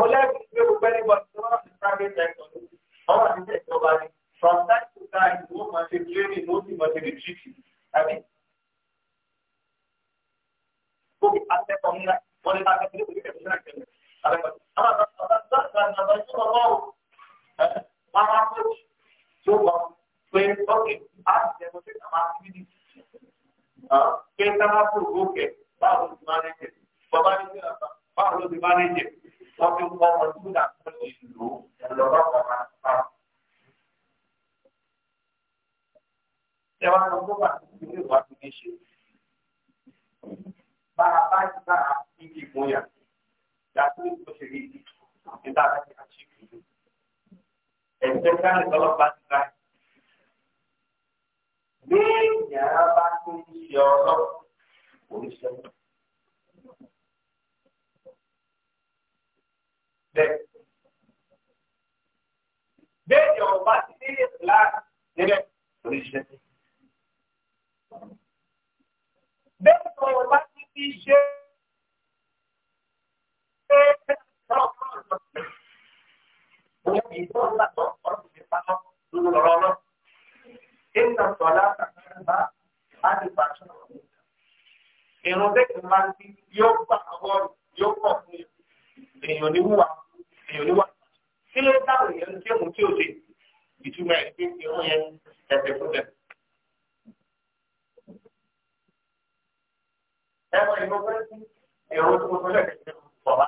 Olẹ́bí pé o gbẹ́ni bọ̀ tí wọ́n ti sáré tẹ̀sán ní ọwọ́ àti tẹ̀sán bá ní. From time to time, wọ́n máa ṣe training, wọ́n sì máa ṣe retreat àbí. ó fi pàṣẹ kan nílá wọ́n lè bá akẹ́kọ̀ọ́ nípa ìgbésẹ̀ ìgbésẹ̀ ìgbésẹ̀ àbẹ̀kọ̀. àwọn àgbàdo àgbàdo àgbàdo ìṣòro lọ́wọ́ wọn máa kó tó wọ pé ókè á ti jẹ́ pé àwọn akíní pé táwọn kò gòkè báwo ló ti máa ń jẹ bàbá ní ìlú àgbà báwo ló ti máa ń jẹ wọ́n fi ń kọ́ ọmọ tó dà ṣe wá lọ tó bá ti ní ìwà tó ní ṣe. bá a bá ti bá a fi kí ìgboyà yàtọ̀ tó ṣe rí ibi nígbà láti àṣì ìlú. ẹ̀jẹ̀ káàlì tọ́lọ́ bá ti bá a. bí ìyàrá bá ti ń ṣe ọlọ́ kò ní ṣe bẹ́ẹ̀ bẹ́ẹ̀ ni ọba ti ní ìlà nílẹ̀ oníṣẹ́. tó o bá ti fi ṣe é ṣe ọ̀pọ̀ ọ̀pọ̀ ìyẹn kì í tó ń gbàgbọ́ ọ̀rọ̀ ìdí pátá lọ́rọ̀ náà. Ìgbà sọ̀lá àtàkùnbá á Kí ló dáhùn yẹn ń jẹ́ òun tí ò ṣe? Ìtumọ̀ ẹ̀ pé ìrún yẹn ẹ̀sẹ̀ fún bẹ̀rẹ̀. ẹ̀wọ̀n ìlú pé ẹ̀rọ tó mo sọ lẹ́ẹ̀kẹ́ sí ẹ̀rọ tó wà.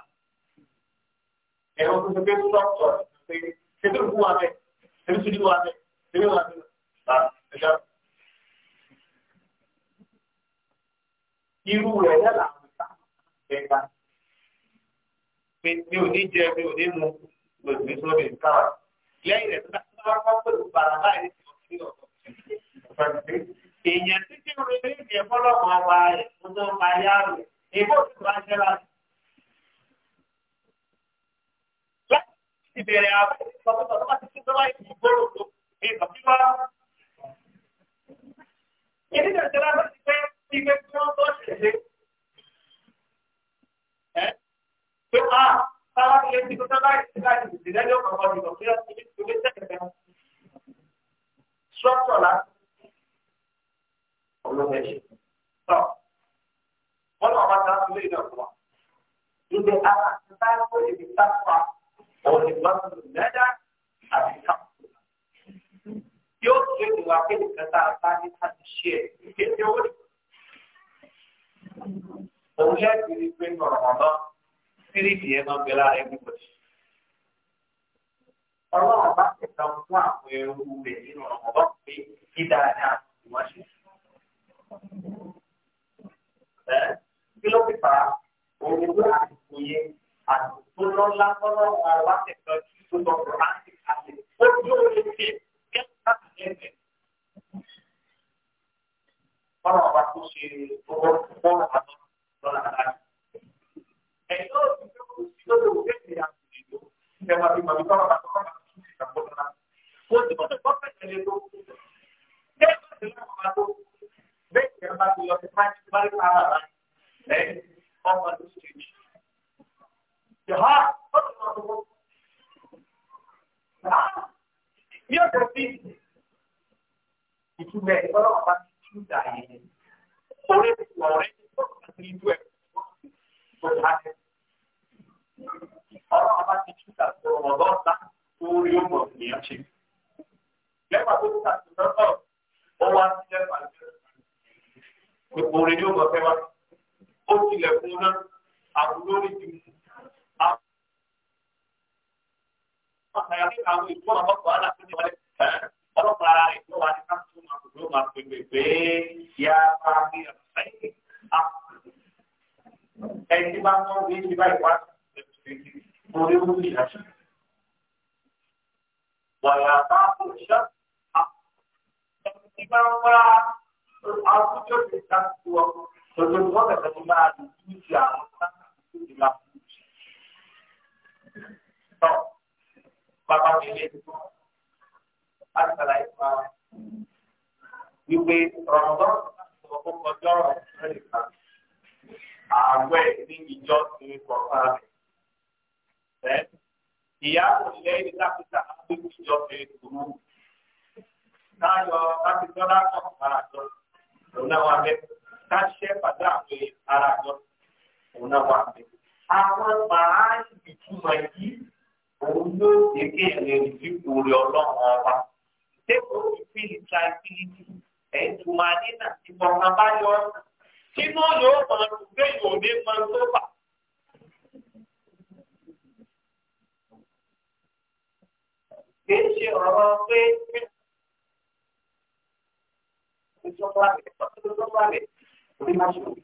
ẹ̀rọ tó ṣe pé tó sọ̀tọ̀ ṣe ṣe tó kú wa bẹ̀ ṣe tó ṣe wa bẹ̀ ṣe tó wà bẹ̀ bá ẹ̀yà. irú rẹ̀ yẹ làwọn ìta ẹ̀ka pé mi ò ní jẹ mi ò ní mu gbèsè sórí ìta lẹ́yìn rẹ̀ tó bá pẹ̀lú bàrà báyìí ti ọ̀ èèyàn tí kí wọ́n lè ní ìfọlọ́mọ ọba rẹ̀ tó tó ń pa yá rẹ̀ èbó tó bá jẹ́ láti. láti ìbẹ̀rẹ̀ àbúrò ìfọwọ́sọ tó bá ti tó láì ní ìgboro tó ní ìfọ̀síwá. èdè ìjọba ìjọba ló ti fẹ́ kí ilé tí wọ́n bọ́ ṣẹ̀ṣẹ̀. ẹ pé a sábà ilé tí kò sábà ìṣẹ̀lẹ̀ àti ìṣẹ̀lẹ̀ ló kọ̀ọ̀kan ìgbọ̀nsẹ̀ ìṣẹ̀lẹ̀ tó lé sẹ́kẹ̀ẹ́ olóhùn ẹ̀ṣẹ̀. Tọ́ wọ́n náà máa ta sílé ìdá fún wa. Ibi ara ti bá tó ibi tápá òun ni máa ń lò lẹ́dá àti tápá. Yóò tún ètò akéde kẹta bá ní láti ṣe ẹ̀ kéde owó ni. Òun lẹ́sìn ní pé nọ̀rọ̀mọ̀mọ́ sírìkì yẹn máa ń bẹ lára ẹgbẹ́ bọ̀dì. Ọlọ́run bá tẹ̀sán fún àwọn ẹrú rẹ̀ nínú ọ̀rọ̀ mọ̀mọ́ pé dídáadáa ìwọ́n ṣe ẹ kí ló fi fà á òun ni pé àsìkò yẹn àsìkò lọ́la lọ́wọ́ wọn wá tẹ̀sán tí tó lọ rọ̀ láti kalẹ̀ ó dúró lè fi kẹ́kọ̀ọ́ láti lẹ́gbẹ̀ẹ́. Bọ́lá ọba tó ṣe owó bọ́ọ̀lù àtọ́ lọ́la láti. Ẹ̀yin náà ti fi kò sí lórí òkè ìrìn àjò ìlú. Ṣé wàá fi mọ̀ bí bọ́lá bàtọ́ bàtọ́ tún ti ṣàkóso náà? Kò sí kó tó gbọ́ pẹ̀lẹ́ tó. Ṣé ìgbà tó bẹ́ẹ̀ ni a bá ti lọ sí pàṣẹ parí para rà lẹ́yìn ọmọ ní stage. Yàrá ó ti lọ sọ́kọ́. Ní ọ̀sẹ̀ bí ìtumẹ̀ ìfọ́nà bá ti tú dà yẹn. Orí ọ̀rẹ́ tó kà sí ìlú ẹ̀ tó kà sí. Ọ̀rọ̀ bá ti tú dà tó ọ̀dọ́ta tó rí ọmọ ìyá ṣe. Lẹ́gbàá tó kà gbogbo orin yóò mọ̀ fẹ́ wá ó tilẹ̀ fún un náà àbúrò rí ju àwọn ìtumọ̀ ọlọ́pàá aláàfin wọlé ọlọ́pàá ara rẹ̀ tó wà ní káàtó máa kò ló máa pèpè pé yá bá mi ọ̀sẹ̀ ẹni bá mọ́ bí ní báyìí wá orí mú mi wàyà bá kò ṣá ẹni bá wá àwùjọ ti ta sí wọn tọ́jú wọn bẹ̀rẹ̀ ní máa lè tún ti àwọn sáà tó ti máa kú jù. tọ́ bàbá mi lé ní àtàlà ìfà wípé rọ̀mọ́dọ́ ọkọ̀ kọjọ́ ọ̀rọ̀ ìfà ààwẹ̀ ní ìjọ ti kọ̀ fara rẹ̀. ìyá kò lẹ́yìn dákítà àti ìjọ ti kùrú. táyọ̀ dákítọ́lá kọ̀ fara jọ òun náà wà bẹ́ẹ̀ ká ṣẹ́ pàdé àwọn ara jọ òun náà wà bẹ́ẹ̀. àwọn màá ìtumọ̀ yìí òun ló dé kéèrè ìdíkù rẹ̀ ọlọ́run ọba. dépò ìpínlẹ̀ tranquility ẹ̀ẹ́dùnmọ̀ adé náà ti bọ̀ ọ̀nà bá yọ ọ̀nà. Iná yóò máa dùn pé yóò ní máa tó bà. Kì í ṣe ọ̀rọ̀ pé pessoa clave, pessoa clave, imagina.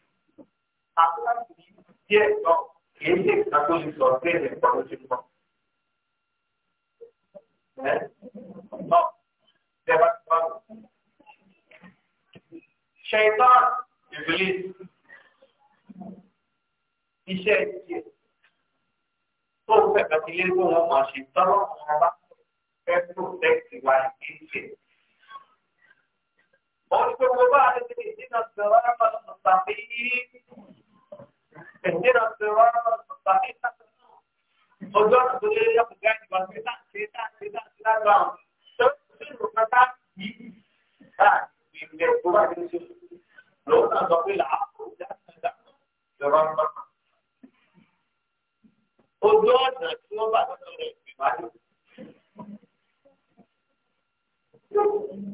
Agora, direto, ele está com isso, ele está com isso. Né? Não. Debate para Shaitan, Iblis. Iṣẹ́ ìṣe tó fẹ́ kàtílé fún wọn máa ṣe tọ́lọ́ wọn bá fẹ́ Porque o lugar de Cristina Serrana no Tapiri, Cristina Serrana no Tapiri, o dono do Leia Bugai de Batista, Cita, Cita, Cita, Gão. Então, se não tratar, ah, me derruba de Jesus. Lona do Pilar, Serrana no Tapiri. O dono, se não vai fazer, vai.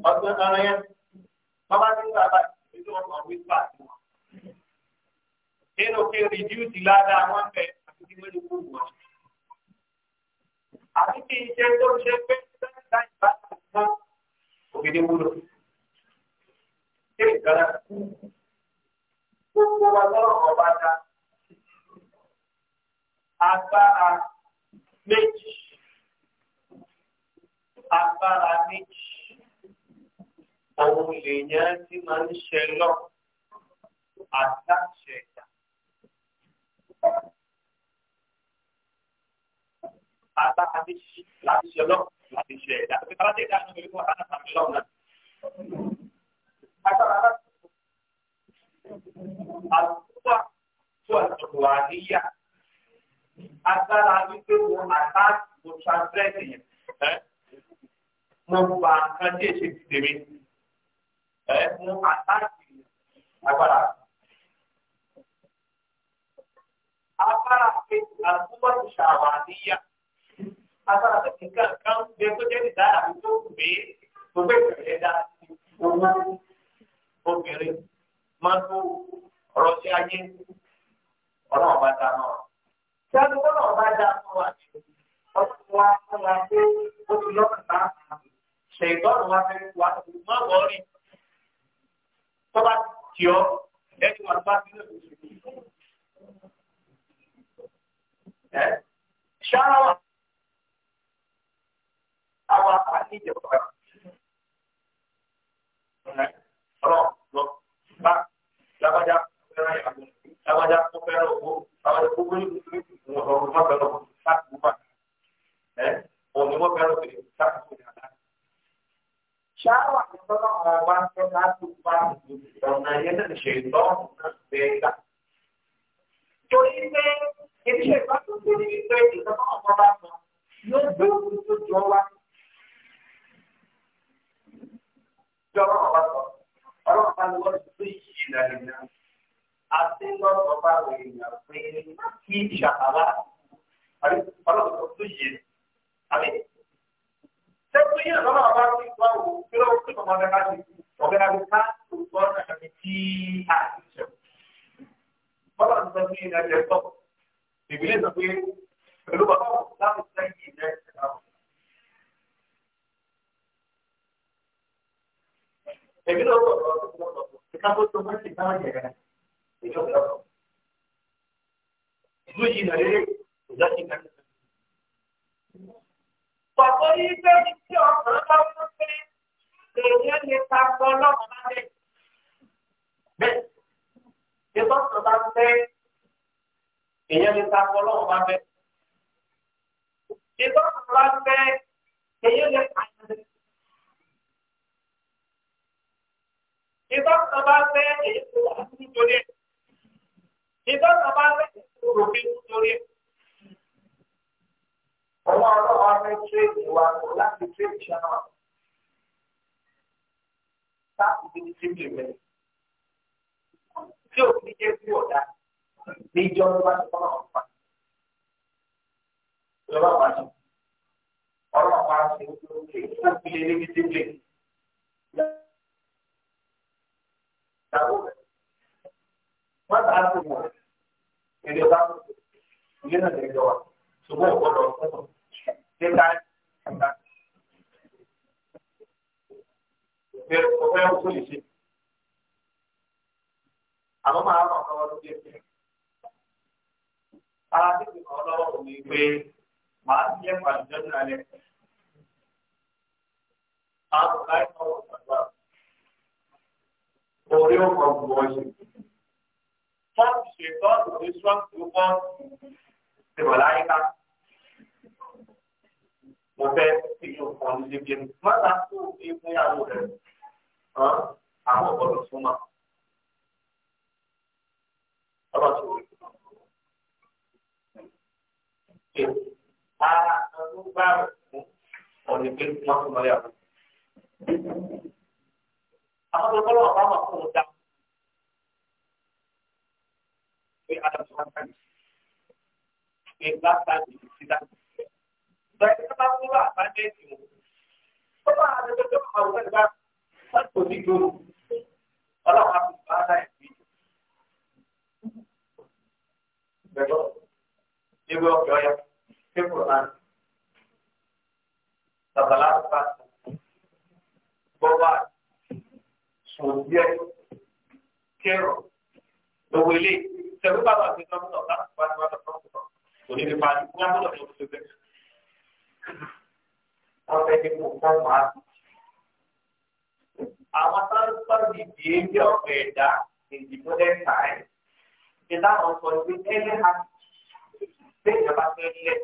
Ọgbọ́n ara yẹn bàbá tí ń gbà bá ìṣèjọ ọmọ wípà sí wọn. nínú kí rìdíùsì ládàá wọn fẹ àti kí wọn lè kó wọn. àti kí iṣẹ́ tó ń ṣe pé sẹ́yìn láì bá ti mọ́ ògidì wúlò. ṣé ìgbàlá gbogbo wa lọ́rọ̀ ọba dá agbára méjì agbára méjì òun lèèyàn tí máa ń ṣe lọ àdáṣe ẹ̀dá. Ata àti láti ṣe lọ láti ṣe ẹ̀dá. Ṣé káwá ṣe ẹ̀dá nínú ìlú àtàkùn àmì lọ́wọ́ náà? Agbára láti àlùkò àti ọ̀dọ̀ àníyà. Agbára wípé mo àtàkùn mo transfer ẹ̀yìn. Mo gba nǹkan díẹ̀ ṣe ti tèmi. ẹ mú àtàkì agbára. Agbára pé àgbúgbọ́ ti ṣàwà níyà. Agbára tẹ̀sí kankan bẹ tó jẹ́ ìdára àbí tó kù pé gbogbo ìbẹ̀rẹ̀ dá owó obìnrin máa tó ọ̀rọ̀ tọ́ba tì ọ́ ẹni wà bá sílẹ̀ kò sí kí. ṣáwà àwa á ní ìjọba ọ̀rọ̀ lọ bá lágbájá fẹ́ràn ìyàwó lágbájá tó fẹ́ràn owó lágbájá tó wọlé ìwọ̀n ọ̀rọ̀ mọ́fẹ́ràn ọ̀hún láti wúwà ọ̀nà mọ́fẹ́ràn ọ̀hún láti wúwà. Shawa kutoka wanawake watu kwa wanaenda na sheitani na sega. Tuize kisha watu tulize kutoka kwa watu. Ndio kutu jowa. Jowa watu. Ọlọ́run bá lọ́wọ́ sí ìṣìlẹ̀ ìná. Àti lọ́wọ́ bá wọ èèyàn pé kí ìṣàkàlà. Ọlọ́run tó yẹ kí ẹ̀rọ náà bá ti wá wò kí ló kí ọmọ ọdẹ bá ti kú ọ̀gá ẹ̀rọ ká tó tọ́ náà ní tí a ti sọ. Bọ́lá ti sọ fún ìrìn àjẹ tọ́. Ìbílẹ̀ sọ pé pẹ̀lú bàbá wọn láti sẹ́yìn ìjẹ́ ìjọba. Èmi ló sọ̀rọ̀ ọ̀rọ̀ tó sọ̀rọ̀ ìka tó tó mọ́tì náà yẹ̀ rẹ̀ ìjọba. Zúyì nàlẹ́ ìjọba Pàtó yí pé tí ọkùnrin bá wọ́n pé èèyàn lè ta gbọ́ lọ́wọ́ bá dẹ̀. Bẹ́ẹ̀ ìtọ́sọ̀ bá fẹ́ èèyàn lè ta gbọ́ lọ́wọ́ bá ọwọ́ ọlọ́wọ́ fẹ́ tírèkì wa kò láti tírèkì náà láti fi ti mi rẹ̀ tí ò ní jẹ́ sí ọ̀dà ní ìjọba ti fọ́nà ọ̀pá ìjọba pàṣẹ ọlọ́pàá ṣe ń tó ṣe ìfúnpilẹ̀ níbi tí ń lè. wọ́n bá tó wọ̀ ẹ̀rọ bá tó ilé náà lè lọ wa ṣùgbọ́n ìwọ́n lọ fún un níta níta bẹ́ẹ̀ ọ̀fẹ́ ọ̀fẹ́ lè ṣe àmọ́ máa ràn lọ́wọ́ lókè fún mi ara títí kan lọ́wọ́ kò ní pé màá ti yẹ pàdé lálẹ́ màá tó láì sọ̀rọ̀ pàdé orí ọkọ̀ gbọ́ ṣe. Tọ́ọ̀tù ṣe tọ́ọ̀tù ní sọ́ọ̀tù ó bọ́ ṣèwọ̀láyíká mo fẹ́ kí yóò fún ọ nílé bíi má ta kó fi fún yàrá rẹ̀ àwọn ọ̀gbọ̀dọ̀ fún ma. ọba tó rí i. ara àwọn bá rẹ̀ fún ọ̀nì pé wọ́n fún ọ yàrá. àwọn tó kọ́lọ́ ọ̀bá máa fún un dá. pé adam tó wá sáyé. pé bá sáyé sí dáhùn bẹ́ẹ̀ tó bá kúrò àbájẹ́tì wọn. Tó bá a lọ́jọ́ tó máa wọlé bá wọ́n kò ní gbòòrò. Ọlọ́run á fi bá a láì fi. Bẹ̀rọ̀ ewé ọ̀kẹ́ ọ̀yà kéwòn náà. Tàbálà bá bọ́bá sùn díẹ̀ kẹrọ̀ lówó ilé. Tẹ̀wé bàbá àti ìjọba náà láti bá a kò ní fi pa wọ́n á bọ̀ lọ́dún tó ti wọ́n fẹ́ dín kù fún ọmọ àti. Àwọn transfer the behaviour of ẹ̀dá in the modern time ṣe láwọn sọ pé ẹni ha ṣé ìjọba fẹ́ lẹ̀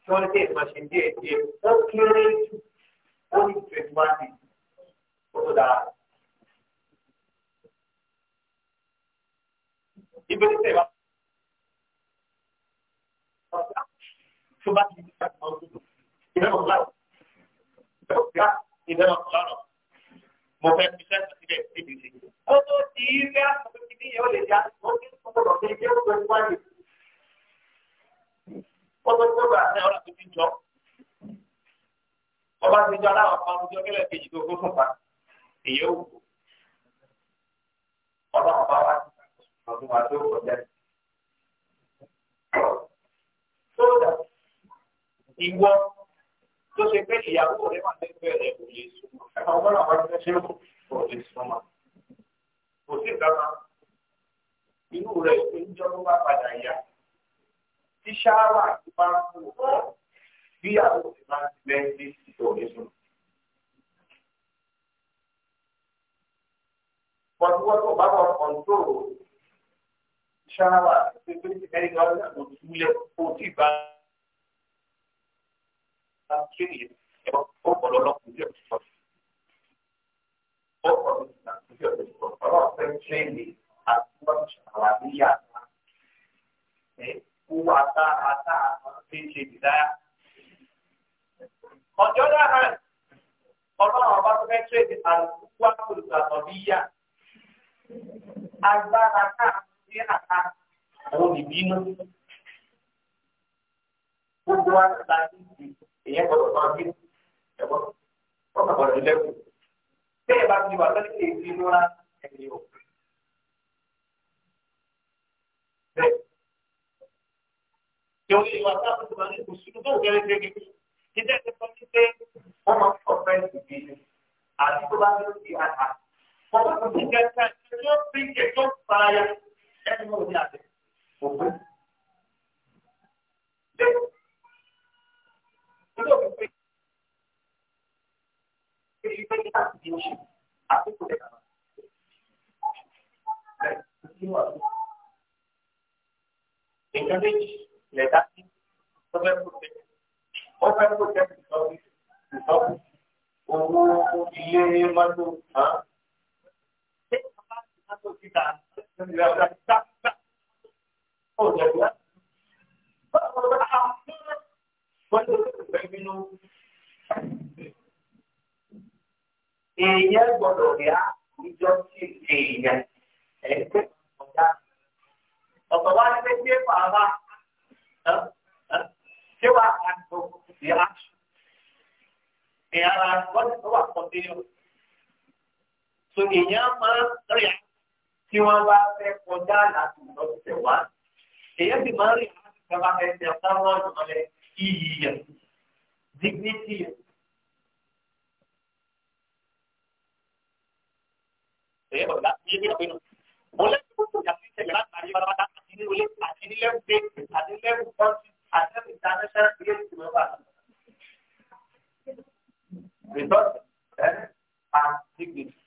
tí wọ́n lè mọ̀ ṣe díẹ̀ díẹ̀ ó kéré jù ọ̀sán tó bá ti di ká tó ìrẹ́wọ̀n láàrọ̀ tó ṣe pé ìyàwó rẹ̀ wà lẹ́gbẹ̀ẹ́ rẹ̀ kò lè súnmọ́ ẹ̀ka ọgbọ́n àwọn ọmọdé ṣe kò lè súnmọ́ kò sí ìdáná inú rẹ̀ ìjọ ló bá padà yà tí ṣáàrà ti bá ń kú ọ bí àwọn òbí máa ń bẹ ní ìtòlé sùn. wọ́n bá wọn kọ̀ǹtóró ṣáàrà ti pé ẹni kan ló ń túlẹ̀ kó tí bá kí ni ẹ̀rọ ọ̀pọ̀lọ́ lọ́kùnrin bí ọ̀sẹ̀ sọ̀rọ̀. ọ̀pọ̀lọ́ lọ́kùnrin bí ọ̀sẹ̀ sọ̀rọ̀ ọ̀rọ̀ ọ̀fẹ́ tírénì àti wọ́n ṣàlàyé níyà náà. ẹ̀ kú ata ata àwọn tí ń agbára káà àká òun ìbínú. gbogbo wa ti ìyẹn gbọ́dọ̀ máa bí ẹ̀gbọ́n wọ́n kà gbọ́dọ̀ lẹ́kùn. bẹ́ẹ̀ bá ti wà sọ́dí kì í di inú rá ẹ̀yìn o. bẹ́ẹ̀ tí o lè wà sáà tó máa ní kò sínú tó kẹ́lẹ́ ṣe kí kí jẹ́ ẹ̀ṣẹ̀ fún pé wọ́n máa ń sọ fẹ́ǹsì bí mi àti tó bá ní ó àtà. wọ́n bá tún ti kẹ́kẹ́ tó ti kẹ́ tó faraya ẹni mọ́ òní Ilé òfin pé èyí pé kí láti di oṣù àkókò rẹ̀ kàmá. Nǹkan méjì lè dá sí tó fẹ́ kó tẹ̀. Wọ́n fẹ́ kó tẹ̀ ìtọ́jú ìtọ́jú owó ilé mọ́tò hàn. Ṣé bàbá àti mọ́tò títà ń lè ọ̀dà títà? Ó jẹ̀ bí wá. Bọ́lá bọ́lá bọ́lá wọ́n lè fẹ́ bínú. èèyàn gbọ́dọ̀ rí a ìjọ sí èèyàn ẹgbẹ́ ọ̀dà. ọ̀pọ̀ wa ní pé bàbá ṣé wàá àgbo rí a ní ara wọ́n ti wà kọ́ntínú. so èèyàn máa ń rí a tí wọ́n bá fẹ́ kọjá láti lọ́sẹ̀ wá. èèyàn sì máa ń rí a tí wọ́n bá fẹ́ ṣe ọ̀sán lọ́dún ọ̀lẹ́ iyì dignity ẹ ọ la yé mi pinnu mo lè tó tó yàtí ìṣẹ̀lẹ̀ láti àyè pátápátá àti ní olè àti ní lẹ́wù dé àti lẹ́wù pọ́ńtì àti lẹ́wù international ilé ìtura wà. result ẹ eh, and dignity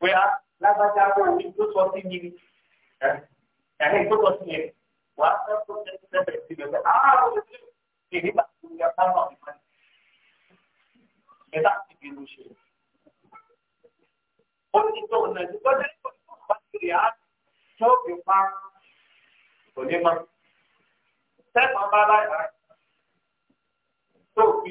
wíwá lágbájá kó o ní tó sọ sí mi ẹ ẹ ní tó sọ sí yẹn wàá fẹ́ kó tẹ́tẹ́ bẹ̀rẹ̀ sí bẹ̀rẹ̀ áá ó ti ṣe nígbà tó yẹ ká mọ̀ nípa ẹ̀ láti bí mo ṣe. ó ní tó ọ̀nà ìdúgbọ́dé tó ń bá kiri á tó fi pa kò ní mọ́. sẹ́ẹ̀mọ́ bá láyà tó fi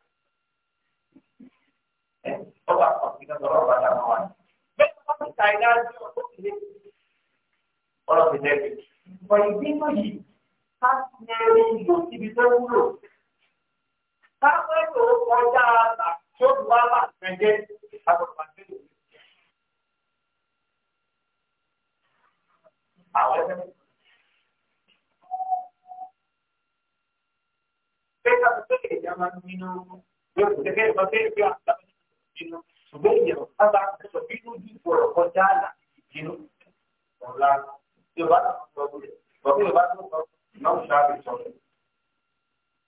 ọwọ́ àkọsí náà lọ́wọ́ bàtà wọn wà. bẹ́ẹ̀ wọ́n ti ta ilé àjọ tó ti lé ọ̀rọ̀ ti lẹ́bi. ìgbọ̀ ìgbínú yìí ká ṣe ìlú ibi tó wúlò. ká mẹ́rọ kọjá àti olùwà àtẹ̀jẹ́ àtọ̀pàṣẹ́ lòdì. àwọn ẹgbẹ́ mi. Pesa pekee jamani, ndio pekee pekee pia ìbínú ṣùgbọ́n ìyẹ̀wò sábà ń sọ bínú bí ìfọ̀rọ̀ kọjá àlà ìbínú ọ̀la tí o bá ti sọ pé bàbá o bá tó sọ ìnáwó ṣáàbì sọ pé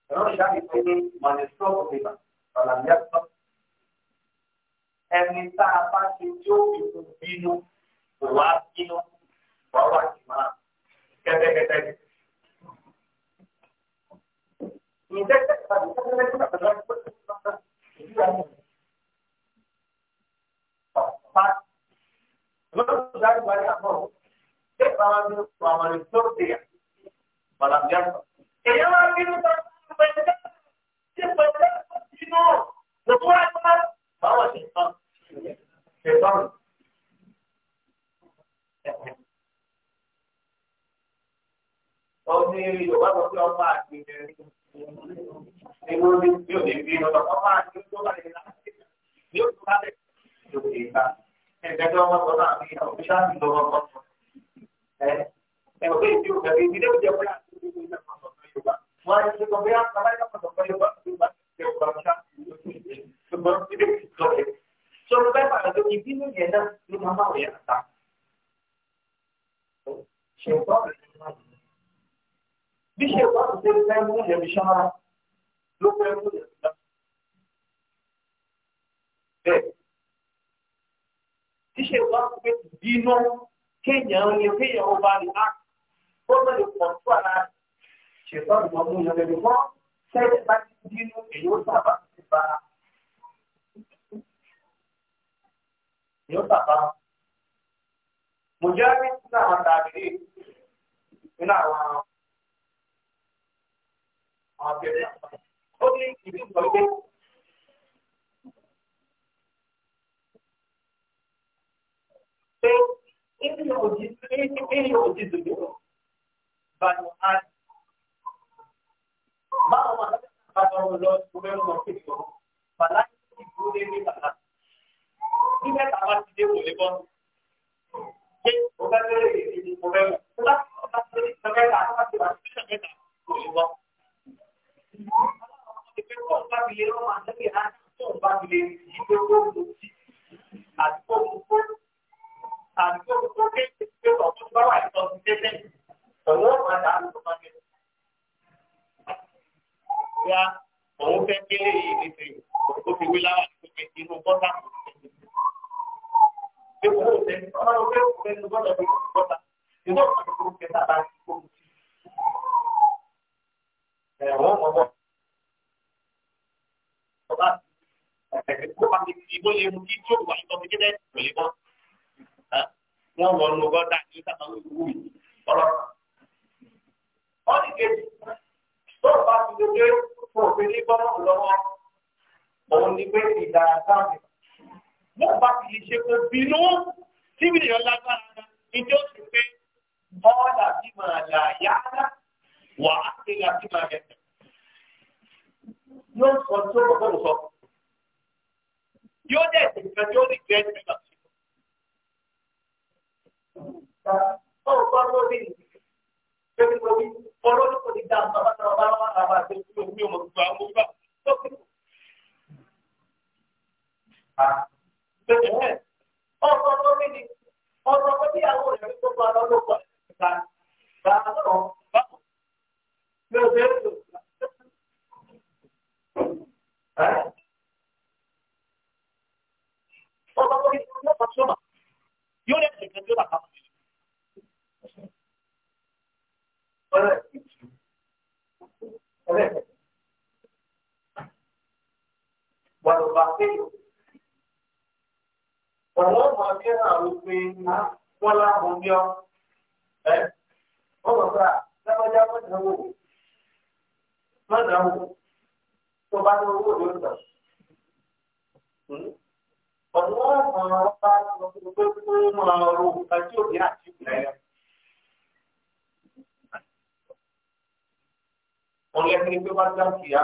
ìnáwó ṣáàbì pé ní mọ̀lẹ́ sọ́ọ̀bù ìbà ọ̀làmíyà sọ ẹni tá a bá ṣe tí ó fi kú bínú kò wá bínú wà wá jù máa kẹ́tẹ́kẹ́tẹ́ ni. Ìjẹ́jẹ́ ìgbàlódé ló ń bá ìjọba ìgbàlódé lọ́sọ̀rọ̀ ìdílé àwọn ọ̀dọ́ parte. Luego dar varias formas. ¿Qué estaban viendo para la historia? Para la vianza. Que ya van viendo para la vianza. Si el vianza continuó, lo puede tomar. Vamos a estar. Estamos. Ọdún yìí Yorùbá sọ pé ọba àti ìrìn ìwé orí tí ò ní bí ọ̀dọ̀ ọba àti ìjọba ìlànà yóò tún lálẹ́ ìjókòó yìí ká ẹgbẹgbẹ ọmọ sọ náà bí ọfíṣà ti lọ wọn kọsọ ẹ ẹgbẹ pé ìdí òkè bí ìdílé òjẹ pé àti ìdílé òjẹ kan sọ fún Yorùbá wọn á ti sọ pé àtàlà ìjọ kan sọ fún Yorùbá Yorùbá ti Yorùbá ṣá ṣùgbọ́n ìdílé ti fẹ́ mú yẹn bí ló fẹ́ mú yẹn bí ṣíṣe ìwádìí pé bínú kéèyàn ní kéèyàn ó bá rí á gbọ́dọ̀ lè pọ̀ tó ara ṣètò ìwọ mú yan lẹ́nu mọ́ sẹ́yìn bá ti bínú èyí ó sábà ti bá èyí ó sábà mo jẹ́ rí nínú àwọn tàbílì nínú àwọn àwọn abẹ́rẹ́ ó ní ìdí ìgbàlódé. pé èèyàn òjì èèyàn òjì dòdò bàtò án báwọn máa bàtò ọmọ lọ ìwé ọmọ kékeré bàlá ìdúró lé ní bàtà bí mẹ́ta bá ti dé wòlé bọ́ pé mo fẹ́ lórí èdè ni mo fẹ́ mọ̀ nígbà tí wọ́n bá ti rí ìtàn mẹ́ta àwọn àti wà sí ìtàn mẹ́ta wòlé bọ́. Ìpè tó ń bá mi lé ọmọ àtẹ́kẹ̀ẹ́ àti tó ń ìgbẹ́ àti tó kí tí ó wà ìtọ́jú jẹ́ bẹ́ẹ̀ pẹ̀lú bọ́tà wọ́n wọ̀ ọ́nù gọ́dà ní sábà wọ́n wù mí ọlọ́pàá. wọ́n ní kejì tó o bá ti dédé tó o fi ní bọ́lá lọ́wọ́ òun ni pé ìdára sáàmì. mo bá ti lè ṣe kó bínú tí mi nìyọ lágbára ìjọ sì pé bọ́ọ̀là bí màá là yára wà á ti là bí màá yẹn. yóò sọ tí ó bọ̀ bọ̀ sọ. yóò dẹ̀ ṣèǹkan tí ó lè gbẹ́ ẹ̀jẹ̀ náà. that desafiar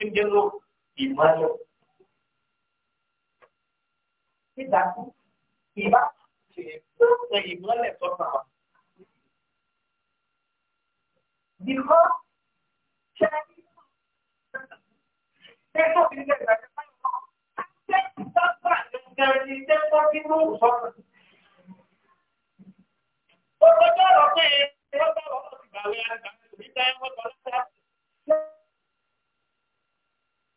kí ni Ìdàkú ìbá ṣe é ìmọ̀lẹ̀ tó nà wá. ṣe ṣe tó fi lè gbàgbé báyìí náà. Ṣé ìjọba gẹ̀gẹ̀rẹ̀ ni ṣé wọ́n fi mú sọ́nà? Òṣèjọ́ ọ̀rọ̀ pé ẹ̀rọ bá wọ́n ti gbàwé àgbà nígbà tó ń sá.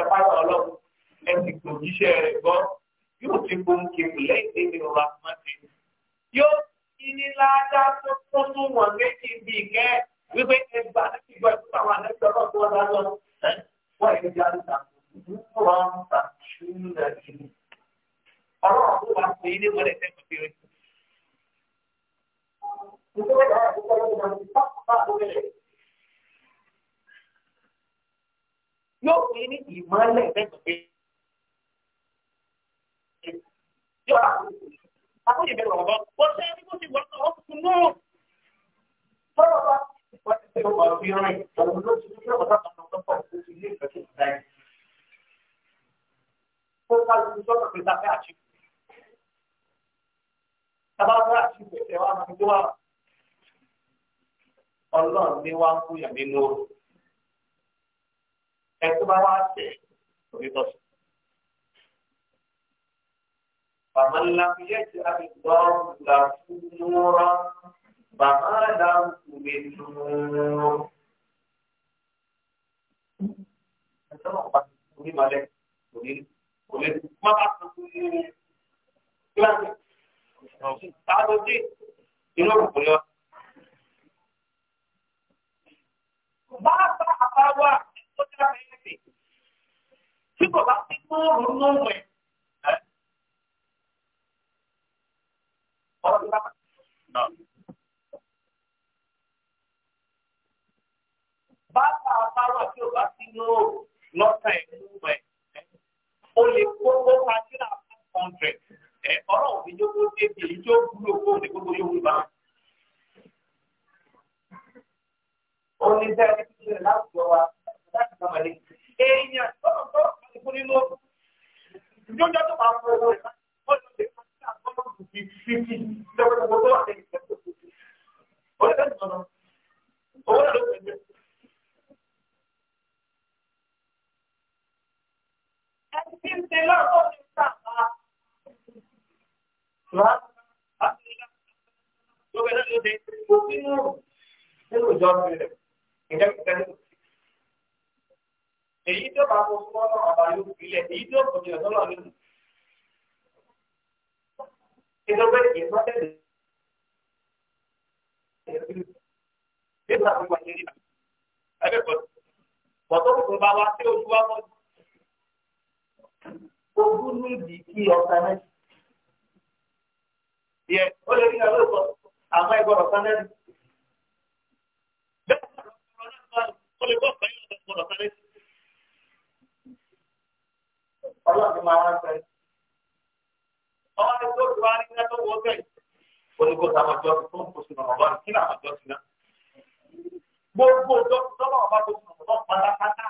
ẹ̀fáyà ọlọ́run ẹ̀ ti gbòjíṣẹ́ rẹ̀ gbọ́ yóò ti gbòǹkè lẹ́yìn tí ènìyàn wà máa ti. yóò kíní ládá tó tó tó wọ̀n méjì bí ìkẹ́ wípé ẹgbà láti gbọ́ ẹ̀kú àwọn àlejò ọlọ́run tó wọ́n dá lọ. wọ́n yẹ kí alùpàá tó wọ́n ń ta ṣúlẹ̀ ìlú. ọlọ́run tó wà pé ilé wọlé ẹ̀kọ́ ti rí. ìṣèjọba ìṣèjọba ìṣèjọba yóò fi ní ìmọ̀lẹ̀ lẹ́gbẹ̀ẹ́ yóò rà àpò ìbẹ̀rù ọ̀bọ wọ́n ṣe ẹni tó ti wọ́n náà fún náà tọ́lọ̀ bá wọ́n ti ṣe ọmọ ọ̀gbìn rìn òun ló ti ṣe ọmọ sábà tó tọ́pọ̀ tó ti lé ìfẹ́sẹ̀ ìgbà yẹn. ó ká lóṣù sọ́nà pé ta fẹ́ àti tàbá fẹ́ àti ìfẹ́sẹ̀ wa máa ń gbé wa ọlọ́run ní wa ń kú yàn nínú oòrùn ẹ̀kú bá wá tẹ̀ onítọ̀ sí. Bàmá ńlá fi yẹ ti a fi gbọ́ gbà fún múra. Bàmá ńlá kù lè dúró. Ẹ̀sọ́ náà pa onímọ̀lẹ́ kò ní kò lè má bá tó kú ní kíláàsì. Táàbù dé inú òkùnkùn yọ. Bá a bá a bá wà ní kó tí tí kò bá ti tó òórùn náà wẹ̀. Bàtà àbáwá tí o bá ti ní o lọ́sẹ̀ ìlú rẹ̀, o lè kó owó Nàìjíríà five hundred. Ọ̀rọ̀ òfin yóò kó débi èyí tó wúlò fún òní gbogbo yóò wúlò báyìí. Oníṣẹ́ ẹni tí ó ṣe láwùjọ wa láti sọ̀rọ̀ lé. Èèyàn tó ń tọ́ fún nínú ọ̀dọ̀. Ìjọba tó máa ń fọ owó ìta, ó lọ lè fọ́ sí àgbọ̀dọ̀ kù sí fífi lọ́wọ́ gbogbo tó wà lẹ́yìn ìjọba tó kù. Ọ̀rẹ́ bẹ́ẹ̀ sọ̀rọ̀, owó náà ló pè é. Ẹni tí ń ṣe lọ́rọ̀ tó ti ń sàkà. Lọ́wọ́ àti ìlànà tó bẹ̀rẹ̀ lóde, kò sínú ìjọba rẹ̀. Ìjọba rẹ̀ èyí tó bá kó fún ọlọ́run ọba yóò filẹ̀ èyí tó kò jìnnà sọ́lọ́ nínú. ìjọba ìgbẹ́ sọ́tẹ̀lẹ̀ nígbà tó wà nílẹ̀ ẹgbẹ́ pọ̀ pọ̀tọ́ kò bá wa sí ojú wa mọ́. ogún ní ìdí kí ọ̀sá náà. yẹ ó lè rí ìyá lóòótọ́ àmọ́ ẹ̀gbọ́n ọ̀sá náà. bẹ́ẹ̀ ni ọ̀sán náà ó lè bọ́ ọ̀sán yìí lọ́sọ̀rọ̀ sáré sí ọlọ́run ti máa wá sẹ́. ọlọ́run tó ti wá ní iná tó wọ bẹ́ẹ̀ oníkó sàmọ̀jọ́ tó ń kó sínú ọ̀bá kí ni àmọ̀jọ́ sí náà. gbogbo ọjọ́ tọ́lọ́ ọba tó sùn ọ̀bá pátápátá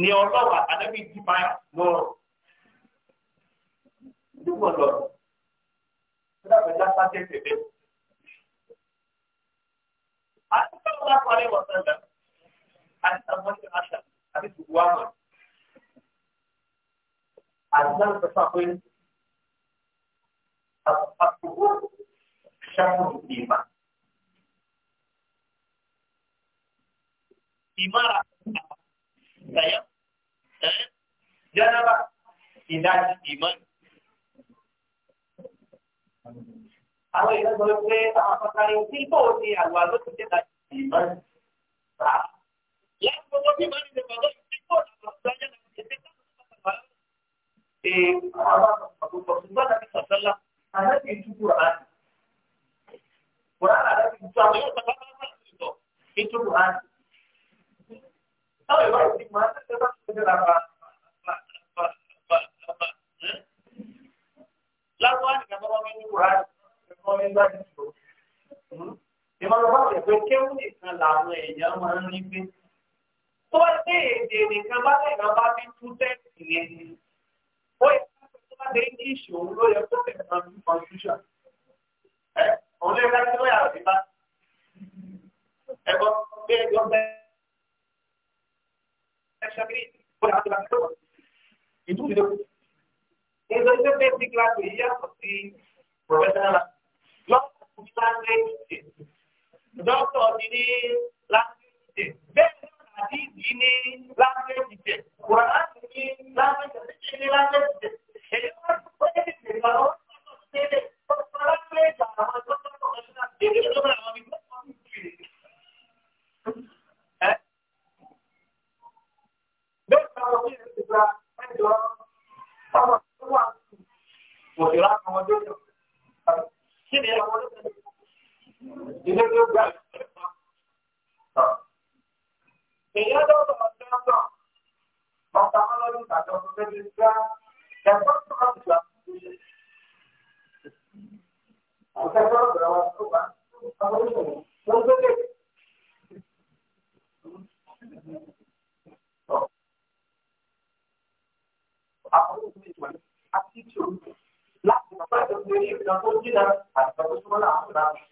ni ọlọ́run àtàlẹ́bí ti máa lọ́rọ̀. dúpọ̀ lọ Àti sọ́wọ́n lápá lé wọ̀sán lẹ́nu, àti sọ́wọ́n ní aṣọ, الإسلام تفاقل الطهور شأن الإيمان إمارة saya dan janganlah tidak iman Kalau kita boleh beli apa kali itu ni awal tu tidak tak iman. Yang pokok iman itu bagus itu belajar dengan kita eh ṣùgbọ́n tàbí sọ̀tọ́lá aláàbí ìtú kùránì kùránì aláàbí ìtú àwọn yóò sọ̀tọ́ bá ń sọ ìtú kùránì. táwọn ìwà ìdí máa ń tẹ́tẹ́ bá ń tẹ́tẹ́ lára lágbó àti kàtó wọn ní kùránì ẹ̀kọ́ ní gbàdí ìṣòro. ìmọ̀ràn bá wẹ̀ hmm? pé kéwù nìkan làwọn èèyàn máa ń rí pé tó bá dé èdè lè náà bá fi tú ó yẹ kó bá dé ní ìṣòro ló yẹ kó tẹ̀lé máa ní constitution ẹ òun lè ká sí lọ́yà òsínbá ẹ̀kọ́ bí ẹjọ́ bẹ́ẹ̀ ẹ̀ṣẹ́ bí ó yà bẹ́ẹ̀ ni àdìsí ní láńgbèjì tẹ̀ ní láńgbèjì ní láńgbèjì èyí wọ́n ti pẹ́ ìdè ìgbàlọ́wọ́ tó ń tẹ̀lé tó ń pa láńgbèjì àwọn tó ń tọ̀kọ̀ sí náà èyí tó bá àwọn ibi tó ń tẹ̀lé. bẹ́ẹ̀ ni àwọn ọmọdé ti gba ẹ̀jọ̀ ọmọ tó wà òṣèlú àwọn ọmọdé kí ni àwọn ọmọdé ilé tó gbà ìgbà èèyàn lọ́dọ̀ ọ̀sẹ̀ ọ̀sọ̀ ọ̀sẹ̀ àwọn ọlọ́dún tàbí ọ̀sẹ̀ méjì gbá ẹ̀fọ́ tó bá ti gbà fún mi. ọ̀sẹ̀ tó bá wà tó bá àwọn oníṣòwò wọ́n tó lè. Àwọn oníṣòwò àti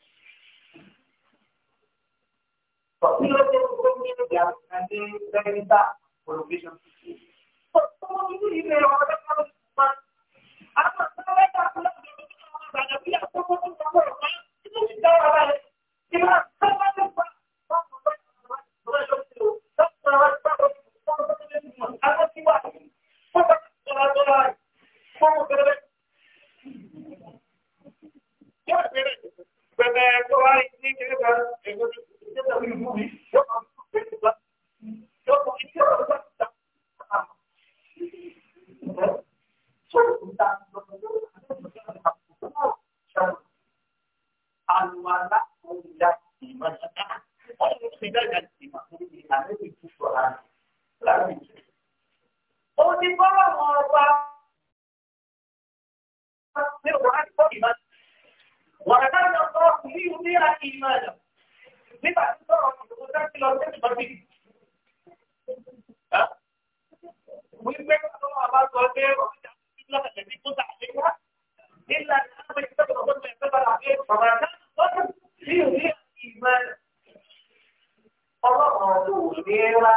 Tapi lo yang hukumnya ya nanti saya minta produksi. Semua itu di dalam ada kalau cuma apa saya tak pernah jadi orang banyak pihak semua pun kamu orang itu kita orang kita sama sama Yeah, وكان الله يضيع إيمانه nígbà tí sọ̀rọ̀ ìdòwò sẹ́ńtì lọ sẹ́ńtì lọ sí. wípé káwọn àbá sọ pé ọ̀sẹ̀ àti ìlànà ẹ̀sìn tó tà lé wá nílà àwọn ìṣẹ́ tó tọ́jú ẹ̀sẹ̀ bá làbẹ́ bàbá náà lọ́dún sí ìwé ìmọ̀ ọlọ́run ọ̀dọ́ òní wá.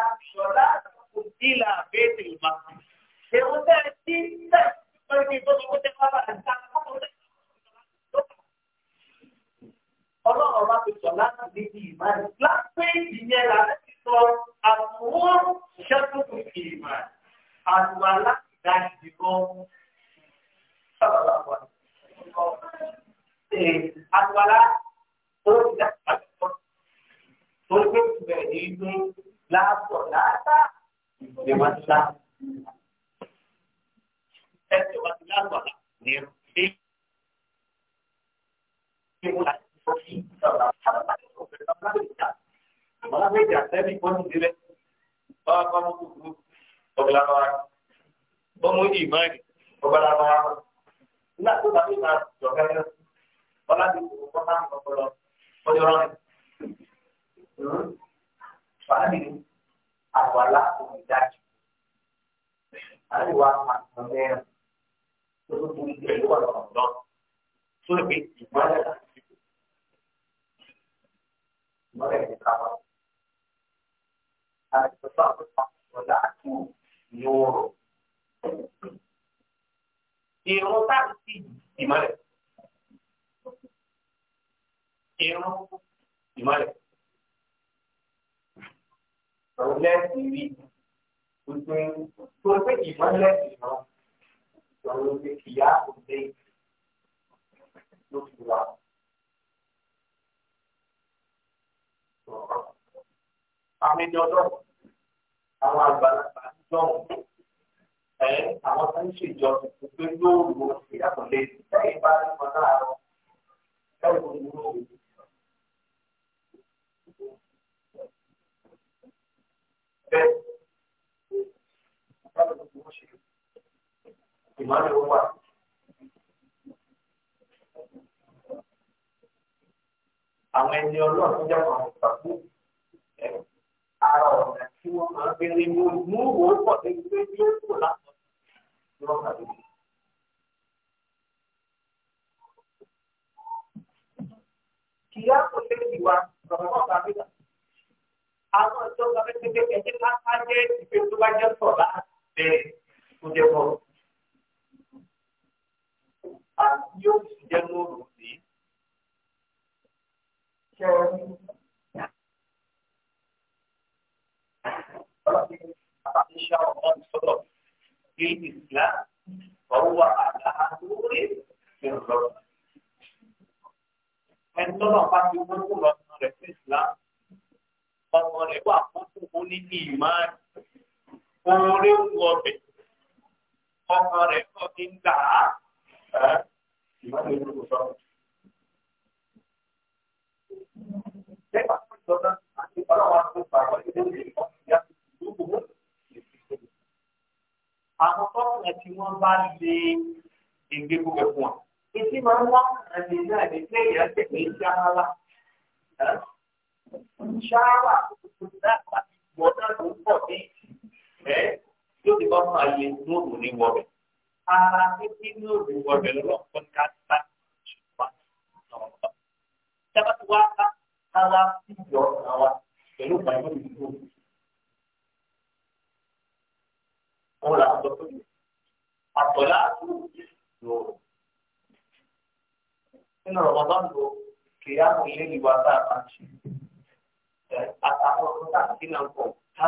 dengan kota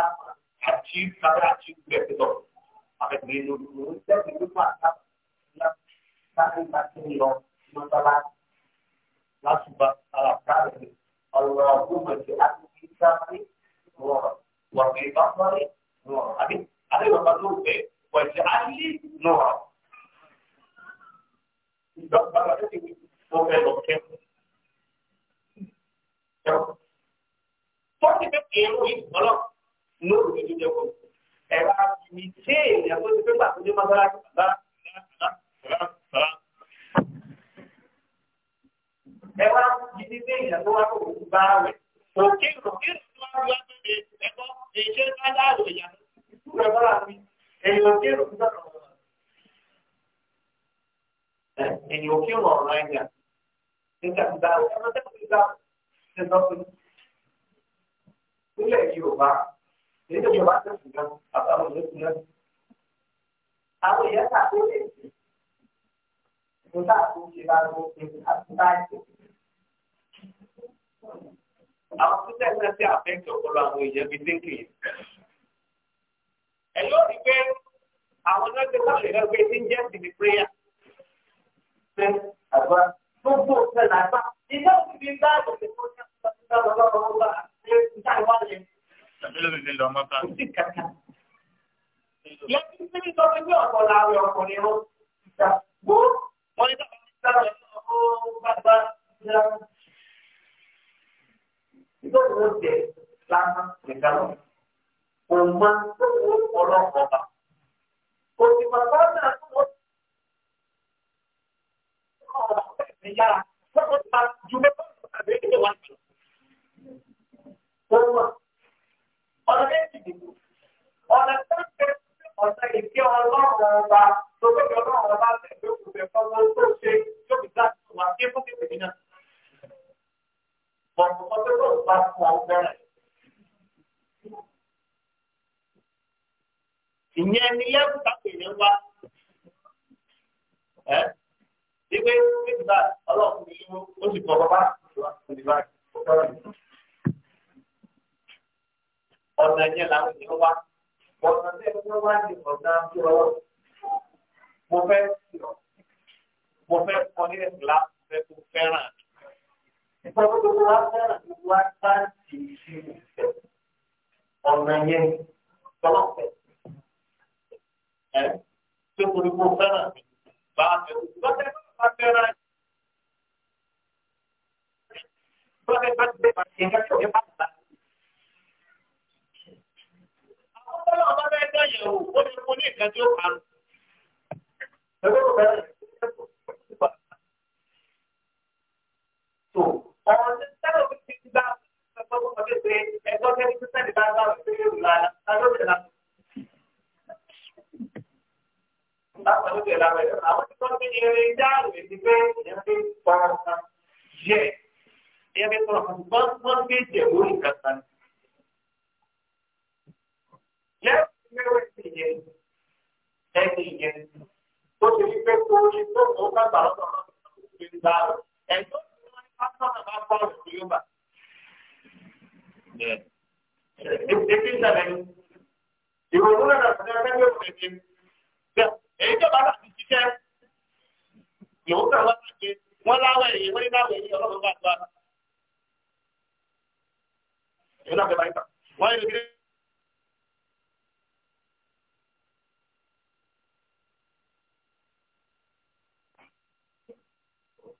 haji kata haji betul. Pakai beli dulu dia itu mantap. Nanti nanti lo masalah langsung salah kali. Allahumma jadikan kita ini nur, wabil bakari nur. Abi ada yang perlu ke? Wajali nur tọ́sí pé èrò yìí gbọ́dọ̀ lóru ní ìdíje kọ. ẹ̀rọ àbìmí tí èèyàn tó ti pé gbà tó dé mọ́sálásí bàbá bàbá bàbá. ẹ̀rọ àbìmí tí èèyàn tó wá kó kó bá rẹ̀ òkè rò kí ló tó wá wá pépè ẹ̀kọ́ èṣe bá dáàbò ìyàtọ̀ tó rẹ̀ bọ́lá mi èyí òkè rò kí lọ́dọ̀ èyí òkè rò ọ̀rọ̀ ẹ̀yà nígbà tí bá ẹ̀ nílẹ̀ Yorùbá èyí tó Yorùbá tó sùn náà àtàwọn òṣèlú sùn náà. àwọn èèyàn tà tó lè sè mo tà tó ṣe bá lọ pé àti báyìí. àwọn tó tẹ̀sán sí àfẹ́kẹ̀ ọpọlọ àwọn èèyàn bíi dínkì yìí. ẹ yóò rí pé àwọn náà ti wọ́n lè lọ pé ti ń jẹ́ síbi prayer. pé àgbà gbogbo ọ̀sẹ̀ làgbà ìjọba ti fi ń bá àgbẹ̀ tó ń bá ọlọ́run wà pé níta ìwà yẹn. tàbí lómi ti lọ ọmọ ká. kò sí kàkà. lẹ́yìn tí mi sọ pé bí ọ̀pọ̀ làwọn ọkùnrin rún ìta gbó wọ́n ní sábà ní sábà ní ọkọ̀ bàbá ìlà. ìtọ́jú ló jẹ lánàá nìkan lọ. òun máa ń tó ọlọ́pàá bá. òsì bàbá náà tó wọ́n ọ̀rọ̀ ọ̀fẹ́ mi yára. lọ́kọ̀ọ́ wọ́n wà. ọ̀nà méjì nìkú ọ̀nà tó ń tẹ ọ̀sẹ̀ ìké ọlọ́run ọba tó bẹ̀rẹ̀ ọlọ́run ọba tẹ̀ ló kù bẹ̀ fọ́nmọ́ tó ṣe tó fi dá tó wà sí fún kìkìkì náà. bọ̀dù ọdún tó bá fún àwọn bẹ́rẹ̀. ìyẹn ni lẹ́kùn tàbí ìyẹn wá. ẹ́ wípé wípé ọlọ́run ni ó sì kọ́ bàbá ìwà ìwà ìwà ìwà ọ̀nà yẹn làwọn èèyàn wá ọ̀nà tẹ́ wọ́n wá ní ọ̀nà àbúrò mo fẹ́ sọ mo fẹ́ kọ́ ní ẹ̀sìlá mo fẹ́ kó fẹ́ràn ìpàdé tó wá fẹ́ràn tó wá bá ti ṣe ọ̀nà yẹn tọ́lọ̀ fẹ́ ẹ̀ tó kò ní kó fẹ́ràn bá a fẹ́ tó tẹ́ bá fẹ́ràn. Bọ́lá tọ́lọ̀ ọba bẹ́ẹ̀ dọ̀yẹ̀ o ó lè fún ní nǹkan tí ó parun. So, ọ̀rọ̀ tẹ́lẹ̀ òfin ti ti bá ẹgbẹ́ ọmọ bíi pé ẹgbẹ́ ọmọ bíi sẹ́ni bá bá òfin yóò la alóòjẹ la. Láti alóòjẹ la wẹ̀ àwọn tí wọ́n fi ní eré dáàrú èdè pé ìyẹn fi pọ̀ ọ̀kan yẹ. Ìyẹn fi pọ̀ ọ̀kan gbọ́n gbé jẹ̀ lórí kàtàkì lẹ́yìn ẹ̀sìn yẹn ẹ̀sìn yẹn tó ṣe wípé kó ṣe tó kó bá gbà lọ́dọ̀ náà tó ṣe ń gbà rẹ̀ ẹ̀tọ́ tí wọ́n bá sọ̀rọ̀ bá bá ọ̀rọ̀ tó yóò bà. Ebi nsàlẹ̀ ni ìrònú náà nà sọ̀rọ̀ ẹgbẹ́ yóò fẹ́ ṣe. Èyí tó bá láti ṣiṣẹ́ yòówù náà wá láti wọ́n láwọ̀ èyí wọ́n ní láwọ̀ èyí ọlọ́run bá gbà. Ìrònú àgbẹ̀ bá ń tà. Wọ́n yóò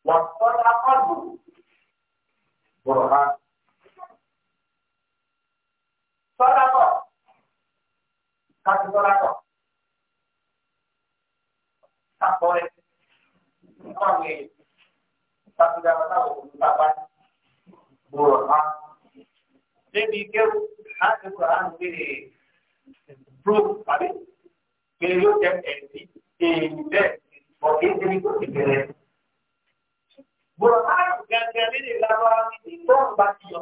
والصدقة برهان صدقة كاتب صدقة tak boleh panggil tak tidak tahu ungkapan burhan dia pikir hati Quran diri proof tadi beliau dan Andy tidak mungkin jadi itu dikira bọ̀rọ̀ láàrú gẹ́gẹ́ lédè lára ní ní bọ́ọ̀lù bá ti yọ.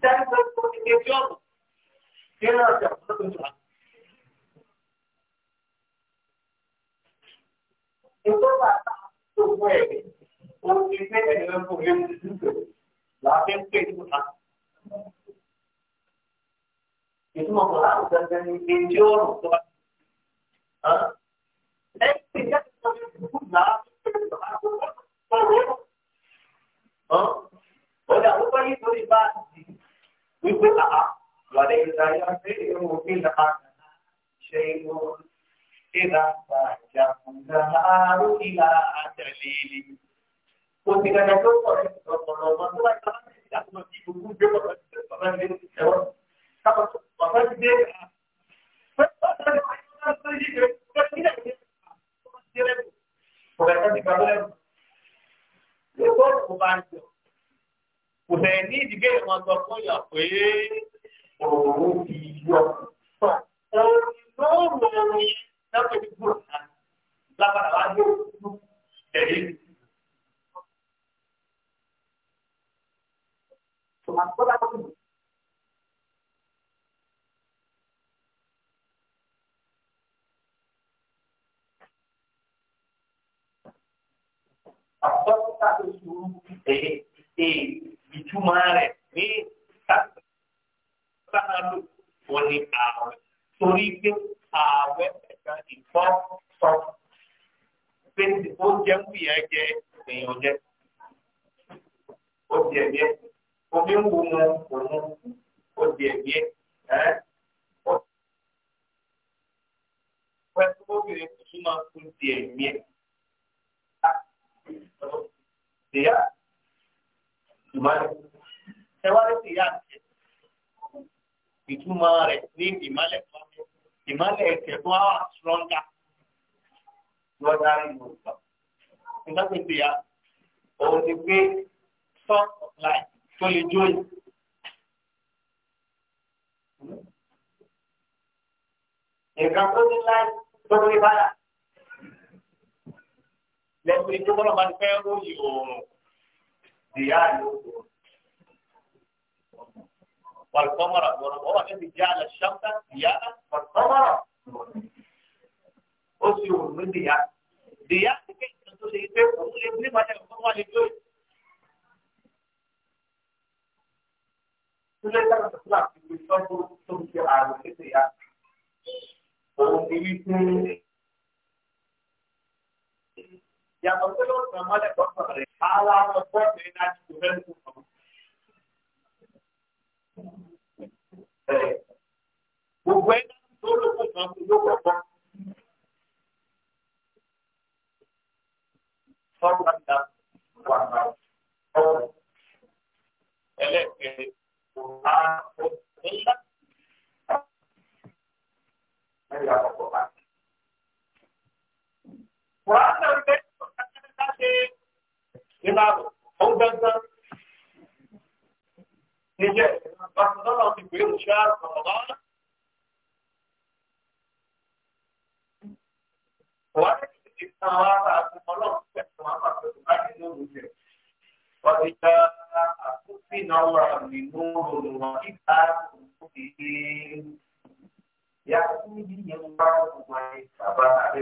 Sẹ́ni tó kó ní kejì ọ̀nà kí ló ń jẹun tó tó Ètò bàtà tó mú ẹ̀rẹ̀, ó ti gbé ẹ̀rọ fún ewu dúdú láti ń pè ní ta. Ìtumọ̀ kan láàrú gẹ́gẹ́ ní kejì ọ̀nà tó bá ti yọ. Ẹ̀sìn yẹn ti sọ ọ̀dà ó bá nítorí bá di wípé àá wàlẹ̀ ìdáyà pé èrò òfin làá ṣe irú ìlà àjà ìlàárú ìlà àtẹ̀lélé. Kò sí dandan tó pọ̀ ní ọ̀pọ̀lọpọ̀ ọmọ tó bá yàrá ní ìlà tó ti gbogbo gbé bọ̀dọ̀ ti tẹ̀ bàbá mi lórí ẹ̀rọ. Kápọ̀ tó bàbá mi dé rà. Pẹ̀lú ọ̀dà ìwà ìwà tó yí tí bá ń jọ kò fẹ́ ní ìdílé ìmọ̀ sọ fún ìyà pé òun ti yọ òun yóò rò òun yẹn lápẹ́ ní gbòòrò náà lápàdà wá yóò kú tẹ̀lé. Tòmátì bọ́lá tó dókítà tó sùúrù ee ee ìtumọ̀ rẹ̀ ní sáàlù wọn ni ààwẹ̀ torí pé ààwẹ̀ ẹ̀ka ìfọ́ sọ pé oúnjẹ ń wùyà jẹ èèyàn jẹ oúnjẹ jẹ omi ń wù mu òun oúnjẹ jẹ ẹ. Fẹ́ tó bóbi rẹ̀ kò súnmọ́ oúnjẹ mìíràn. Ìyá ìmọ̀lẹ̀. Ẹ wá ló ti yá àti ìtumọ̀ rẹ̀ ní ìmọ̀lẹ̀ kan. Ìmọ̀lẹ̀ ẹ̀kẹ́ tó wá stronger lọ́dá rí Yorùbá. Nígbà tó ti yá, òun ti gbé source of tó lè jó yìí. Nǹkan tó ní láì tó ní báyà lẹ́gbẹ̀ẹ́ tó bọ́lá máa ń fẹ́ ròyìn oòrùn dìyà yòókù. والقمر والقمر الذي جعل الشمس ضياء والقمر oṣù òní dìyà dìyà ti ké ìtàn tó ṣe pé òun lè ní ìbàdàn ìfọwọ́ wa lè jó yìí. Túlẹ̀ dáná tó fún àti ìgbésọ́gbó tó ń ṣe àrùn nítorí ya. Òun ni wípé yàtọ̀ pé yóò tàn mọ́lẹ̀ lọ́sàn rẹ̀ ara lọ bọ́ọ̀lù yìí láti kò fẹ́ẹ́ kú kan. gbogbo ẹ̀ tó ló kù kan kò yóò kọ̀kọ́. sọ́kà dá wà náà ọ̀rọ̀ ẹlẹ́gbẹ̀ẹ́ kò bá ọ̀rọ̀ ńlá. ẹ̀yà ọ̀pọ̀ bá. láàbò òun gbẹ́ngbẹ́ níjẹ́ pàṣẹlọ́nà ti pè é òṣìṣẹ́ àgbọ̀nmọ́. wọ́n ti ti kan wá àtúmọ̀ náà pẹ̀lú àwọn àpẹẹrẹ báyìí lóru jẹ. wọ́n ti ta àkókò náà wà nínú òòrùn wọn níta òkú ìdí. yàtúndínlẹ́wọ̀n bá wà ní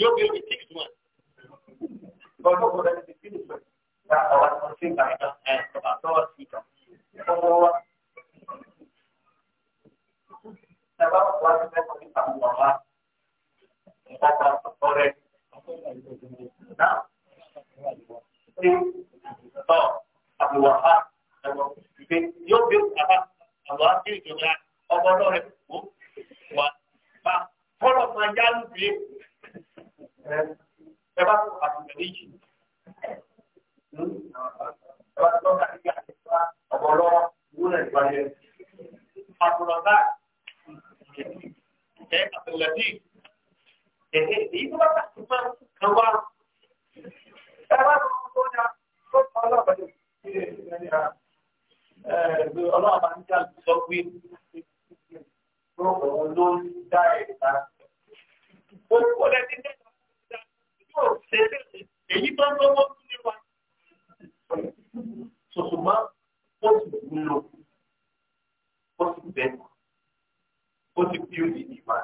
yóò bí omi six months. Bọ́lá kò lẹ́nu ti fi nìkan. Ṣé ọ̀rọ̀ tó ń ṣe ìgbà ìgbà ẹ̀ ọ̀rọ̀ tó wà sí ìgbà? Ọmọ wa. Ṣé bá wà sí mẹ́kọ̀ọ́ nípa ìwà wa? Ìgbà kan sọ̀rọ̀ rẹ̀. Náà. Ṣé tọ́ àbúwà wa? Ẹ̀wọ̀n ìgbé yóò bí àbá àwọn àti ìjọba ọmọ náà rẹ̀ kú wa. Bá kọ́lọ̀ máa yálù ẹ bá tó àtúntò méjì ẹ bá tó kàdíkà ọ̀bọ̀ lọ́wọ́ ìwúrẹ̀ ìgbàlẹ̀ àbùrọ̀dá ẹ àtẹlẹtì èyí èyí tó bá tàkì máa ń kàn wá ẹ bá tó tó dá tó kọ́ ọlọ́pàá ní ọlọ́pàá ní ká sọ pé tó òun ló ń dá ẹ̀ ta èyí tó ń lọ́wọ́ tún ní wa. Sọ̀tùmọ́ ó sì wúlò, ó sì bẹ̀rù, ó sì bí òdì nípa.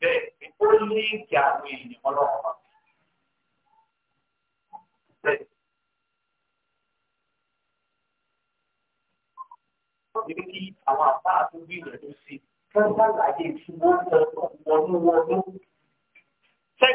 Bẹ́ẹ̀ ó ní ìkẹ́ àwọn àbá àtúgbò ìrẹ̀lú sí, kí wọ́n bá láyé ìṣubú ọ̀pọ̀ wọnú wọnú sọ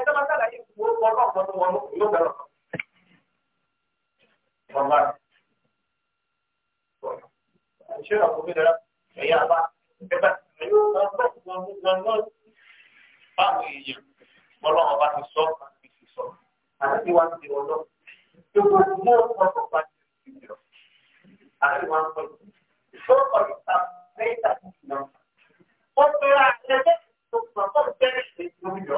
ìtọ́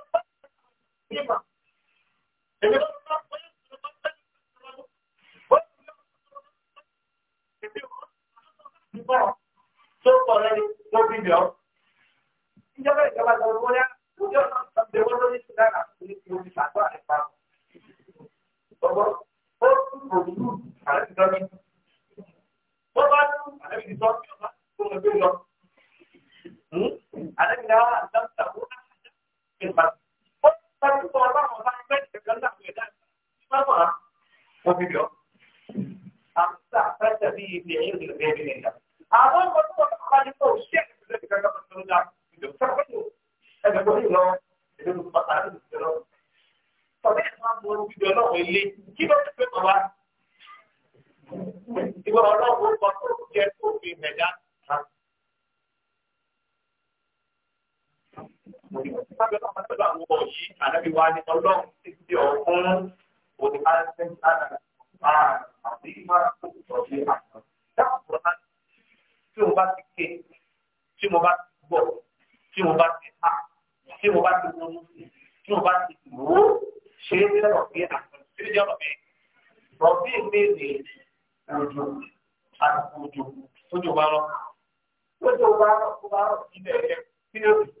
Lima. Tó kọ̀ lẹ́yìn tó bí bíọ́. Ìjọba ìjọba lọ wọ́n yá, ó jọ náà tàbí wọ́n lórí ṣùgbọ́n àti ní omi ṣàtọ́ àìpa. Ọgbọ́n, ó tún òdúrú àrẹ́ ti dọ́jú. Wọ́n bá tún àrẹ́ ti sọ bí ọba tó lọ gbé lọ. Àrẹ́ ti dáwà àdáńtà wọ́n á ṣàjá ìpàdé. 但是说让我发现这个浪费在什么？我没有。啊，是啊，但是你别有这个别别那个。啊，那我如果把你走线这个这个东西啊，有什么有？那个没有喽，也就是把咱们这个。昨天他我觉得我累，基本是什么？你给我让我把这些都给人家啊。Sábẹ́ náà máa tọ́jú àwọn ọkọ̀ yìí, ànábì wa ni ọlọ́run ti fi ọ̀kún òní àdàbẹ̀sẹ̀ àti ìmọ̀ràn tó kọ̀ sí àwọn. Dáàbò náà tí mo bá ti ké, tí mo bá ti gbọ́, tí mo bá ti há, tí mo bá ti wọnú, tí mo bá ti lò ó, ṣe é lọ́rọ̀ bí àwọn ìṣèjọ́ mi. Rọ̀bí mi ni òjò àti òjò tó jọba lọ. Tó jọba lọ, tó bá rọ̀ sílẹ̀ yẹn, kí ni ó ti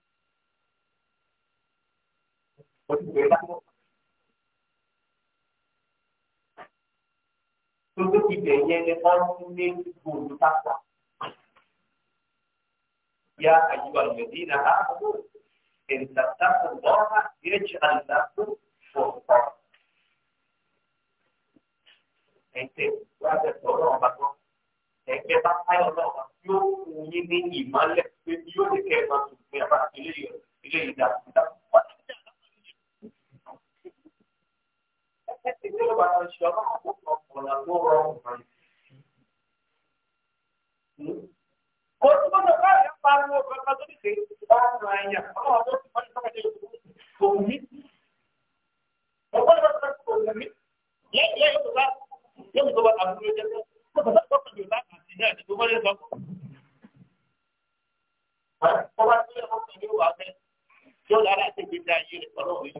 我是没办过。就是比别人的方式不大大。يا أيها الذين آمنوا إن تتقوا الله يجعل لكم فرقا. Ẹ̀sẹ̀ wá tẹ̀sọ̀ ọlọ́run bá tán. Ẹ̀kẹ́ bá táyọ̀ ọlọ́run bá yóò fún yín ní ìmọ̀lẹ̀ pé yóò lè kẹ́ ẹ̀ máa tún pé àbá ilé ìdàkúdà Kò tí wọ́n lọ báyìí yóò lára àti ìgbésí ayé rẹ̀ ọlọ́wọ́ yìí.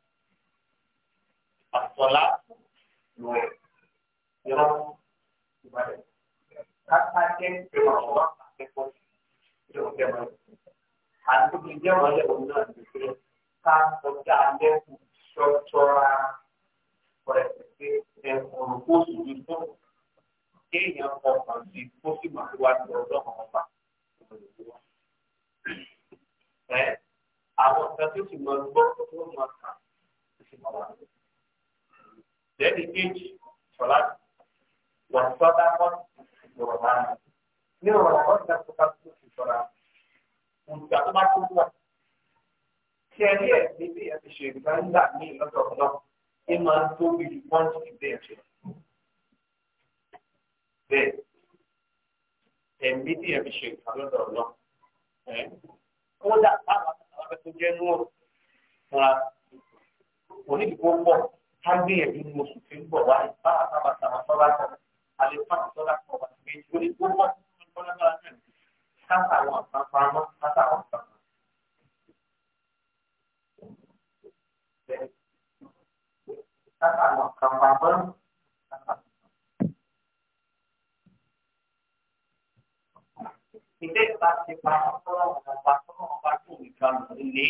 àtọ̀lá lọ ìrọ̀ ìbàdàn kápá jẹ́ ìwà ọ̀wá àtẹ́kọ̀ọ́ ìdè òjẹ́ wọn. àdúgbò jẹ́ wọn lé òun náà ní pé ká kọjá lẹ́kùn ṣọ́ṣọ́ra pẹ̀lẹ́ ẹ̀kọ́ oṣù tuntun kéèyàn kọkàn sí kó sì máa wá ní ọjọ́ àwọn ọba àwọn kan tó sì mọ gbọ́ tó mọ kàn tó sì mọ wà lókè lẹ́ẹ̀dì kejì ṣọlá wà sọ́dá kọ́ ìrọ̀lá ní ìrọ̀lá kọ́ ìjà tó bá tó ti ṣọlá ìjà tó bá tó wà. tí ẹni ẹ̀ ní bí ẹ ti ṣe ìgbà ńlá ní ìlọ́dọ̀ ọ̀dọ́ ẹ máa ń tóbi ju pọ́ńtì ìbéèrè ṣe. bẹ́ẹ̀ ẹ̀mí tí ẹ fi ṣe ìgbà lọ́dọ̀ ọ̀dọ́ kódà báwa tó jẹ́ nú ọ̀rọ̀ fúnra onídìbò pọ̀ ká gbìyànjú ní oṣù tí ń bọ̀ wá ìbá àtàbàtàbà sọ́lá kọ̀ àlefa sọ́lá kọ̀ wá sí méjì lórí tó wá sí sọ́lá kọ̀ náà káta àwọn àtàn pamọ́ káta àwọn àtàn. Káta àwọn àtàn pamọ́ káta àwọn ilé ìta ti pa ọlọ́run ọba ọlọ́run ọba tó nìkan lè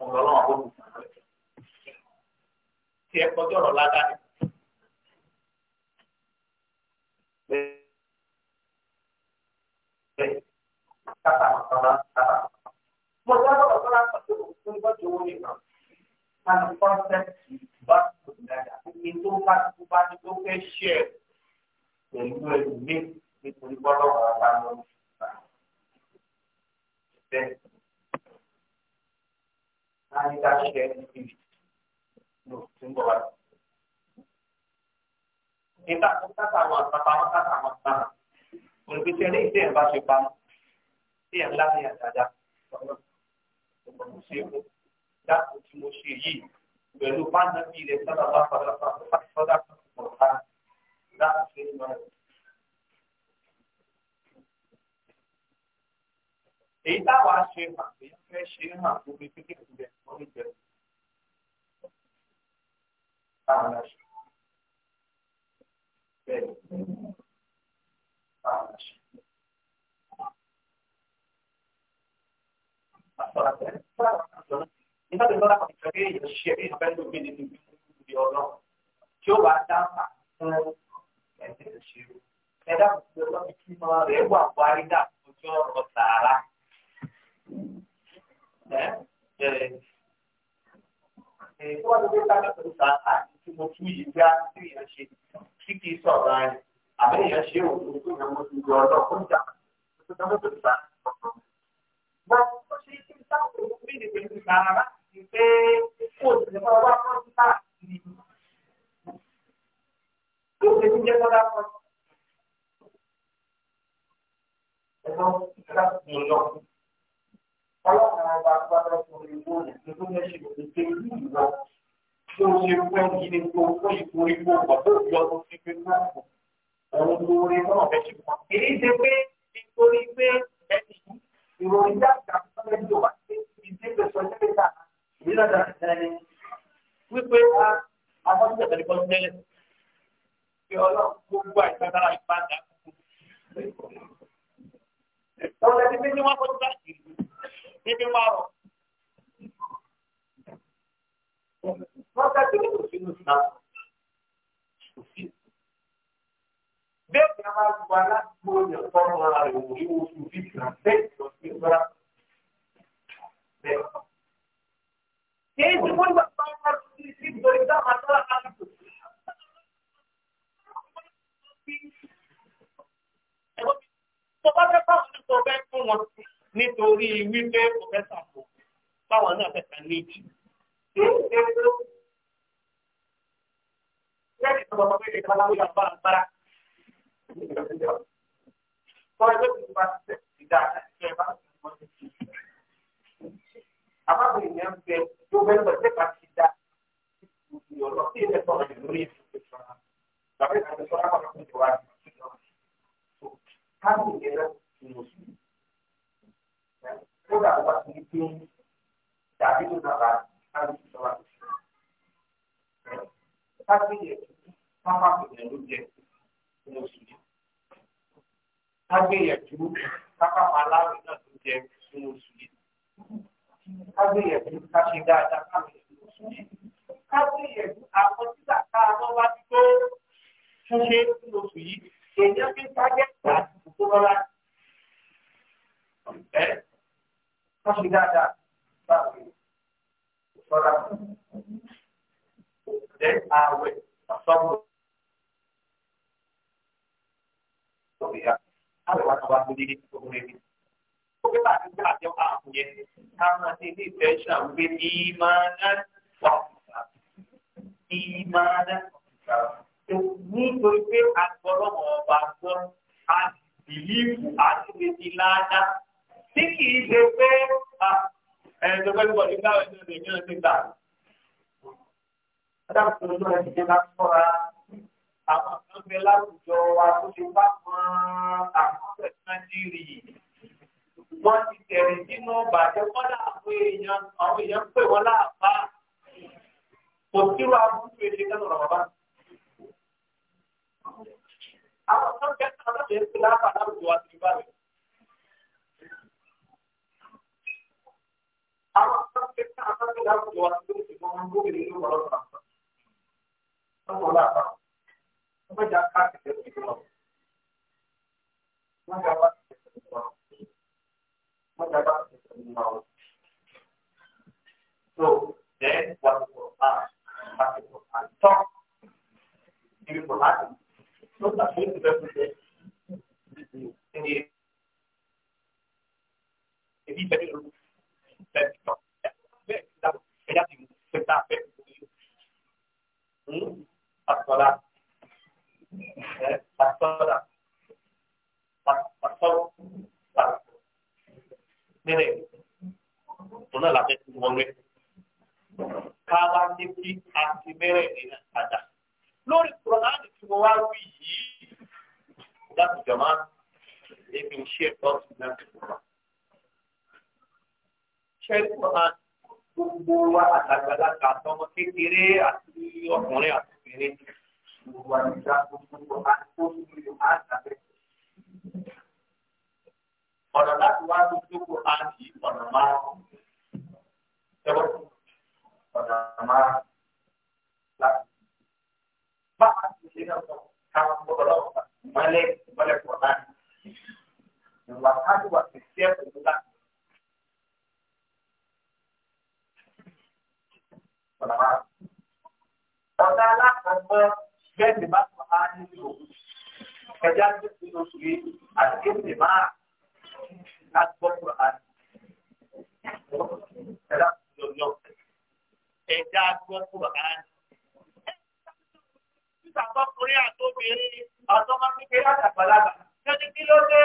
ọ̀rọ̀ ọlọ́run ọba tó nìkan lè tí ẹ kọjú ọ̀rọ̀ ládàá ni. Mo dábọ̀ ọ̀sán láti pàṣẹ òkú ní bọ́jú owó nìkan. A lè kọ́ sẹ́ẹ̀tì bá tòun dáadáa. Omi tó bá tó bá ní tó fẹ́ ṣe ẹ̀ pẹ̀lú ẹ̀rù mi nítorí bọ́lọ̀ wà wá lọ́wọ́. Bẹ́ẹ̀ ni, a ní ká ṣe ẹni bíi lò tí ń bọ̀ wá. Ìta kátà àwọn àtàtà àwọn kátà àwọn àtàtà. Olùpèsè ní ìdí ẹ̀ bá ṣe pa sí ẹ̀ ńlá ní pada Dáàbò tí mo ṣe yìí pẹ̀lú pàǹdà bíi rẹ̀ sábà bá padà padà sọ́dà pọ̀ ká dáàbò ṣe ń lọ. Èyí táwa ṣe hàn, èyí fẹ́ ṣe hàn fún mi pé kí n bẹ̀rẹ̀ lórí ìbẹ̀rẹ̀ táwọn aṣọ bẹ́ẹ̀ táwọn aṣọ. Nígbà tó lọ́la kan ìfẹ́ yẹn ṣe é fẹ́ ló gbé nínú ibi ọ̀nà tí ó bá dáńtà fún ẹ̀sìn ìṣirò. Ẹ̀dá kò lọ sí kí máa rẹ̀ wà fún àrídà tó wá lóde láti pẹ̀lú sàkà tí mo tú yìí bí a ti yàn ṣe kí kì í sọ̀rọ̀ ayé àbẹ́ yàn ṣe òkú tó yàn mo ti lọ ọlọ́ kó jà tó tẹ́ mọ́tò sà. Wọ́n tó ṣe kí n sáwọn òun bí ìdìbò ìlú sàrà láti pé kó o lè fọwọ́ wá fún ọ́n káàkiri. Tó o lè ní jẹ́ kọ́dá kan. Ẹ̀fọ́ ìgbà tó ń lọ ọlọ́run ọba gbọ́dọ̀ fún ìwọ òkè tó lẹ́sì òkè tó ní ìwọ tí ó ṣe fún ẹni ní tó fún ìforí kó wà tó fi ọdún sí pé kó kù òun tó rí náà fẹ́ ṣe fún ọ. èyí ṣe pé nítorí pé ẹni ìròyìn dáadáa fún ẹni tó wà sí ìdí ìgbésọ ní ìta ìlú ọ̀dà ẹni wípé àwọn tó tẹ̀lé kọ́ tẹ́lẹ̀ kí ọlọ́run gbogbo àìsàkára ìpàdé àkókò. Ọ̀rẹ́ ti fi ní wọ́n kọjú báyìí níbi márùn. Wọ́n tẹ̀sí ní kò sínú ìlà kò Bẹ́ẹ̀ni a máa gba lásìkò yẹn fọ́nà ara rẹ̀ wò yíwo oṣù fífi náà bẹ́ẹ̀ lọ sí ìgbára. Bẹ́ẹ̀. Kìí ṣe wọ́n gbà bá wọn sí sí ìdòrí dáhùn àtọ́lá àlùkò. Tọ́ba fẹ́ bá wọn sọ bẹ́ẹ̀ fún wọn nítorí wípé pòfẹ́sà kò báwọn náà fẹ́ kàn níjì. Lẹ́yìn tó bọ̀ pé ìjọba ló yà bá agbára. Sọ́ọ́ ẹgbẹ́ tó bá ti tẹ̀ ìdá àti ìjọba bá ti mọ́ sí i. Àbábọ̀ ìyẹn ń bẹ tó bẹ́ẹ̀ bọ̀ tẹ́ka ti dá ìyọ̀lọ́ sí ilé sọ̀rọ̀ ìlúrí ìfọ̀sọ̀rọ̀. Bàbá ìgbà tó sọ́ra kódà tó bá ti di pé dàbí tó nàbà káàdì ìjọba tó ṣe. káàdì yẹ pápá pèlè ló jẹ ní oṣù yìí. káàdì yẹ ju pápá paláwì náà ló jẹ ní oṣù yìí. káàdì yẹ ju káṣe dáadáa káàdì yẹ ju oṣù yìí. káàdì yẹ ju àwọn títà káàmọ wá ti tó ṣíṣe ní oṣù yìí. èèyàn fi ń tájẹ́ ìgbà àti ìgbòho rárá wọ́n ṣe dáadáa báwo ṣọ́ra ẹ̀ ààwẹ̀ ọ̀sọ́gbọ̀. lórí ya káwé wá náà wá tó dídí gbogbo ẹbí. ó bí bàtí bí àti ọkọ àkùn yẹn ká máa ṣe ilé ìfẹ́ ṣàwùgbé ìmáná wà fúnra ìmáná fúnra. nítorí pé agbọ́lọ́mọ ọba gbọ́ àti bìlíìfù àti ìrètí ládàá tí kì í ṣe pé ẹ̀ẹ́dẹ̀ tó fẹ́ẹ́ bọ̀ ní káwọn ẹ̀sìn ọ̀dẹ̀ mìíràn ti gbà. Adáàbòsí ló ń ṣe lápọ́ra àwọn kan bẹ láwùjọ wa tó ṣe bá wọn àwọn ẹ̀sán dìrì. Wọ́n ti tẹ̀rí sínú bàjẹ́ kọ́dà àwọn èèyàn àwọn èèyàn pè wọ́n láàbá. Kò sírò abúlé èdè kan lọ́rọ̀ bàbá. Àwọn kan bẹ kan lọ́dẹ̀ ń pè láàbà láwùjọ wa ti bá rẹ̀. àwọn akẹ́kọ̀ọ́ àtàkùn láwùjọ àti oṣù tó ń gbóbi nínú ọ̀rọ̀ kan. Lọ́wọ́ làbà, wọ́n jà káàkiri ìlú wọn. Wọ́n jà bá ti tẹ̀sán ìlú wọn. Wọ́n jà bá ti tẹ̀sán ìlú wọn. So, then wà ní Kùrọ̀án, wà ní That's the man. They've been shared out to ṣẹ́rí kọ́ran gbogbo wa àtàgbàlagbà àtọmọ kékeré àti ọkùnrin àti obìnrin gbogbo àyíká gbogbo àtúntò yóò á tàbí. ọ̀nà láti wá gbogbo àti ọ̀nà márùn-ún ẹ̀wọ̀n ọ̀nà márùn-ún láti. bá a ti ṣe náà sọ káwọn gbọ́dọ̀ lọ́wọ́ mọ́lẹ̀ mọ́lẹ̀ kọ̀ọ̀kan ìwà kájú wà sí sí ẹ̀kọ́ láti. Ọ̀gá alákọ̀ọ́kọ́ bẹ́ẹ̀ni bá sọ máa ń lò. Ẹja ń gbé sínú oṣù yìí àti kéde máa lágbọ́kùn àti ẹ̀dá lọ́lọ́. Ẹja gbọ́kùn àti. Títà ọkùnrin àtòbìnrin àtọ́mọ́kékeré àtàgbàlagbà. Ṣé kí ló dé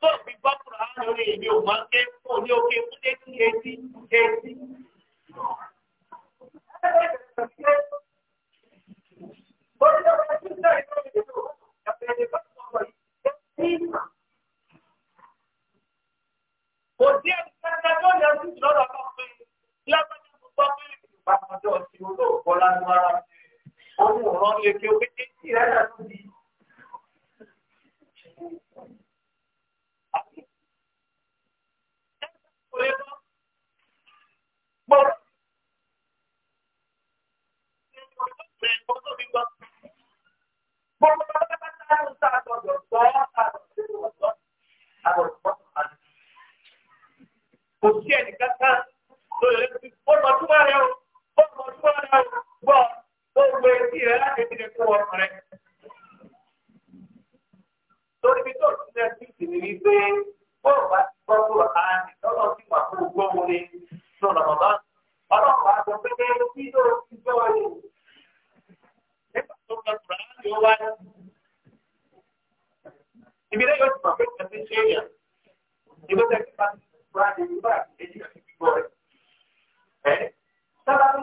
tó fi gbọ́kùn àti orí èmi ò máa ń ké fún ní òkè fún etí etí etí? Well, Ọlọ́run àgbọ̀ pé kí ló ń gbọ́ wọlé nígbà tó lọ kúrò láti ó wá ní. ibi lẹ́yìn oṣù màpé kan ti ṣe èèyàn ìbò tẹ̀ kí pàṣẹ kúrò láti ìlú bá èjì àti gbígbọ́ rẹ̀. sábà ní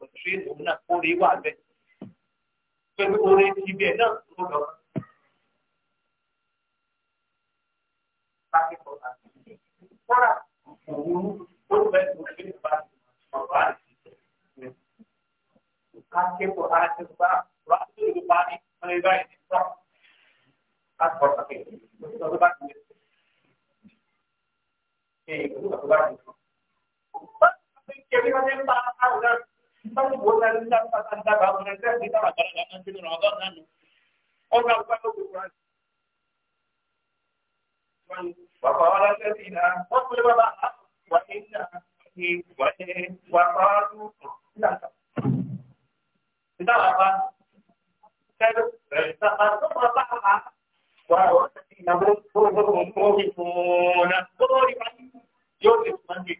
pẹ̀lú ṣé òun náà orí wà bẹ́ẹ̀ pẹ̀lú orí ti bẹ́ẹ̀ náà tó lọ. Kọ́ra òun ó Kita buat dari kita tanda bangun kita kita ada dalam sini ramadan kan. Orang bukan tu bukan. وقال الذين قبل ما وإنا وقالوا kita apa? Kita kita apa? Wow, kita berhubungan, berhubungan, Yosef mandi.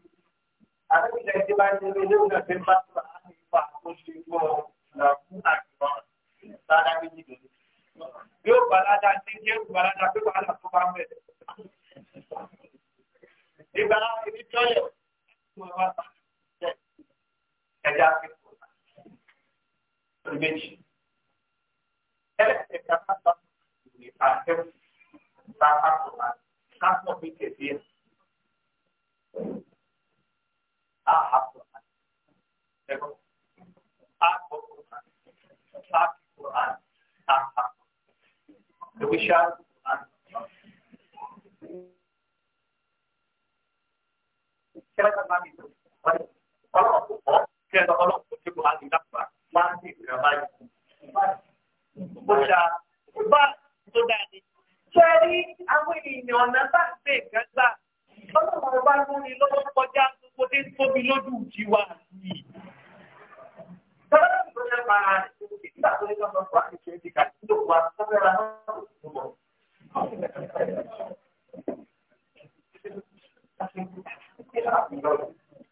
Ada tidak dibaca beliau nak berbaca nípa tó ṣe gbọ́ ìlàkú àti ọ̀rọ̀ sáadá méjì lónìí. Yóò balada ní Jésù balada pé wàhálà tó bá ń bẹ̀. Ìgbà ibi tí ó yẹ kó wá bá ẹja fi kó lọ. Méjì. Ẹlẹ́sẹ̀ ká bá bá ìwé àṣẹ bá bá tó bá ká pọ̀ bí kẹ̀kẹ́ yẹn. Á hà pọ̀ sharp Quran. Do we sharp Quran? Silakan kami kalau aku dia kalau aku cukup hal tidak pak masih ramai. Bocah, bah sudah ni. Jadi aku Kalau orang ni lo kau jangan kau tin kau bilu Sekarang proses pangan kita boleh membuat dikasih itu buat sebenarnya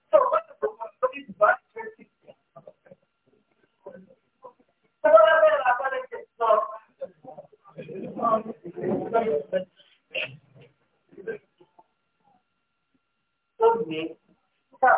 So what the problem is but Sebenarnya apa yang kita So ni kita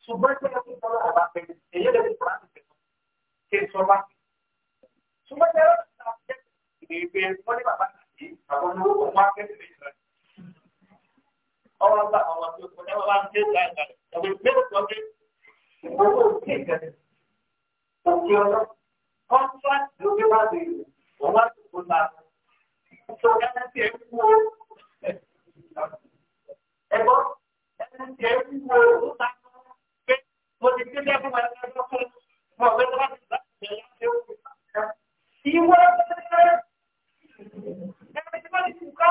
Sumber saya ní pé wọ́n ní bàbá tàbí àwọn olówó kan wá kẹ́sì lè jẹ́. ọwọ́ bá àwọn àti òkú ẹ̀wọ̀n bá ń dé ìgbà ìgbà rẹ̀ ẹ̀wọ̀n ìgbélé kan dé ìgbówó òkè ìgbẹ́lẹ̀ òkè ọlọ́ kọ́ńtrákì ló gbé wá lè lò wọ́n wá tó kó náà. sọ ẹni tí ẹ ń kú o ẹ̀gbọ́n ẹni tí ẹ ń kú o ó ta pé mo ti gbé lẹ́fún wa lọ́jọ́ fún mi ọ̀gbẹ́ tó bá ti gbà ìwọ ẹgbẹ́ Ẹ̀rọ ìdíbọn ti kú ká.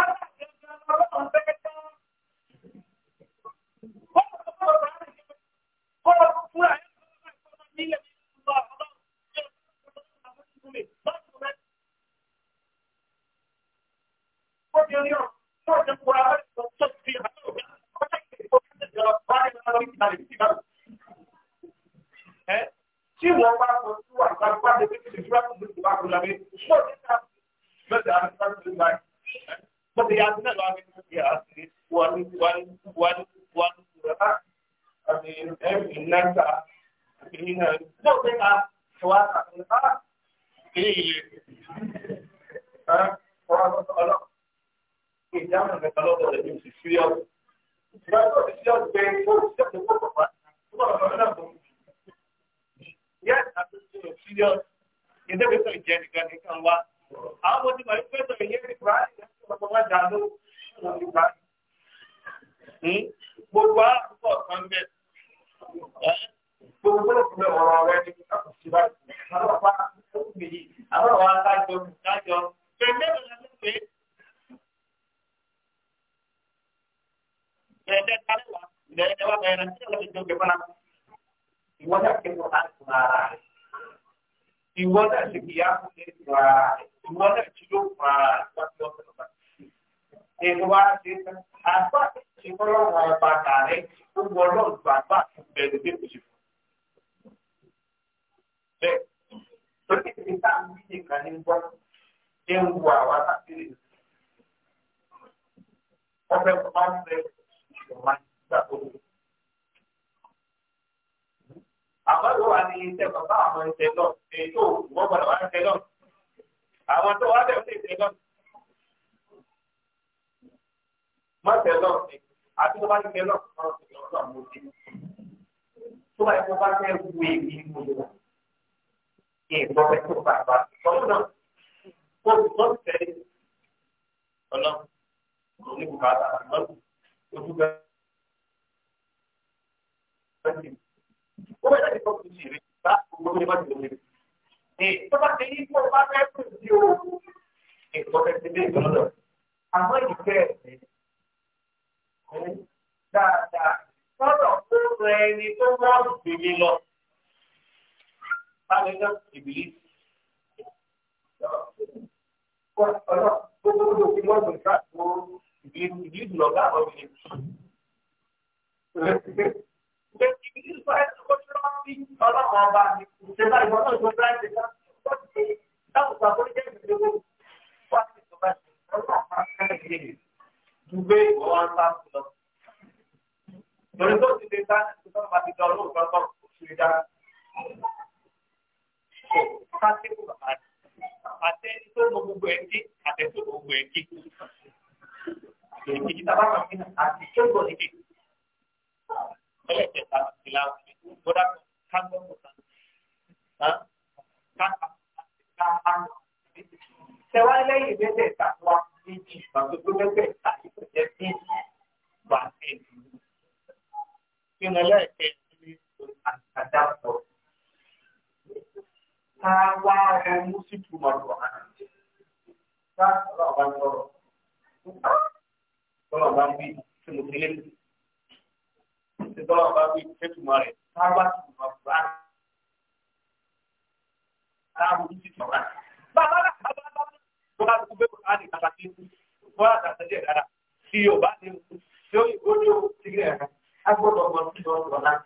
a gbọ́dọ̀ mọ sí ọ̀rọ̀ náà.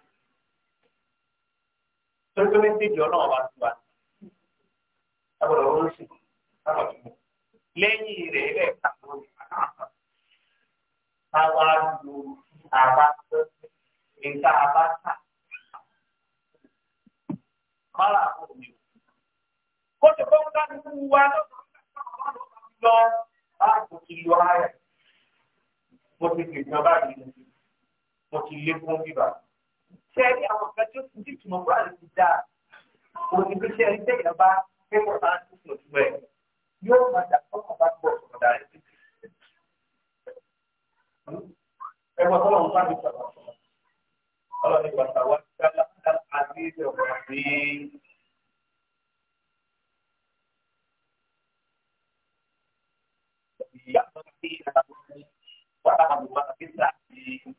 Tókè méjèèjì ọ̀nà ọ̀bá ti wà. A gbọ́dọ̀ wọ́n sì sábà tó mọ̀. Lẹ́yìn rẹ̀ ilẹ̀ ìtàkùn àkàkọ́. Táwa lu àbá tó nígbà àbá tà. Mọ́lá kò ní. Kó tó kó ń dá nínú wa lọ́sọ̀rọ̀ lọ. Báwo ti lọ ayẹ̀? Mo ti fi ìjọba yìí mo ti lé fún bíbá. ṣé rí àwọn kan tí ó ti dìtì mọ́ kúrò àti dá òní bí ṣe rí sẹ́yìn bá pépọ̀ bá ń tún òtún ẹ̀ yóò máa dà tọ́kàn bá gbọ́ ọ̀sán dá rẹ̀. ẹgbẹ́ tó lọ́wọ́ bá mi sọ̀rọ̀ ọlọ́ni bàtà wá dáadáa àti ìṣẹ̀ ọ̀rọ̀ àti. Ìyá tó ń bí ìlànà wà láwọn àbúrò àti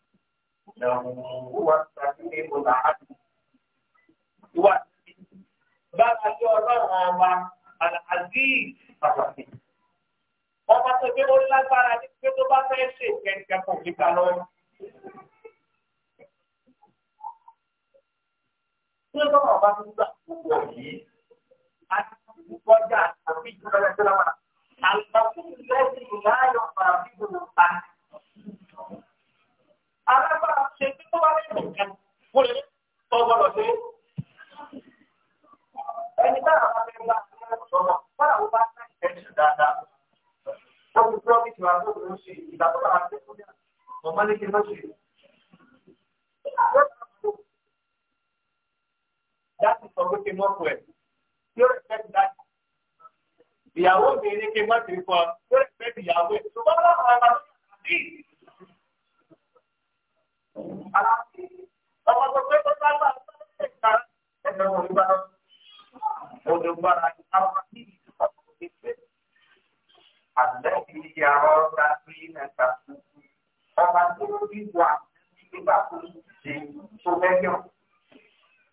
Ìwà bára lé ọlọ́run ọba Al-Aziz pàtàkì. Ọba tó gbé ó lágbára ní pé tó bá fẹ́ ṣe ìkẹ́kẹ́ kò fi gbà lọ́wọ́. Tí ó sọ̀rọ̀ ọba tó gbà púpọ̀ yìí, a ti kú kọjá àbí ìjọba ẹgbẹ́ lọ́wọ́. Àlùfáà tó ń lẹ́sìn ìyá ayọ̀ fàbí gbòòrò pa alágbára ṣe tí tó bá lè mọ̀ kan mo lè tọ́ gbọ́dọ̀ ṣe. ẹni tá a bá fẹ́ gbà ní ọ̀dọ́gbà fọ́nà ó bá ń tẹ̀ ìtẹ́jú dáadáa. wọ́n ti pọ́ bíi ìwà tó ń ṣe ìgbà tó bá wà ní ìtẹ́jú náà ìyàwó mi ní kí n mọ̀ sí fọ́ yóò rẹ̀ fẹ́ ìyàwó ẹ̀ ṣùgbọ́n láwọn ọmọ mi ọmọ tó pé tó bá bá ọmọ tó ẹgbẹ́ wọn bá ọdún gbára àwọn ní ìdíkọ̀ tó ti pé àtẹ́kì yàrá ọ̀gá sí ẹ̀ka ọba tó ti wà nígbà tó ti ṣe tó fẹ́ẹ́ yàn.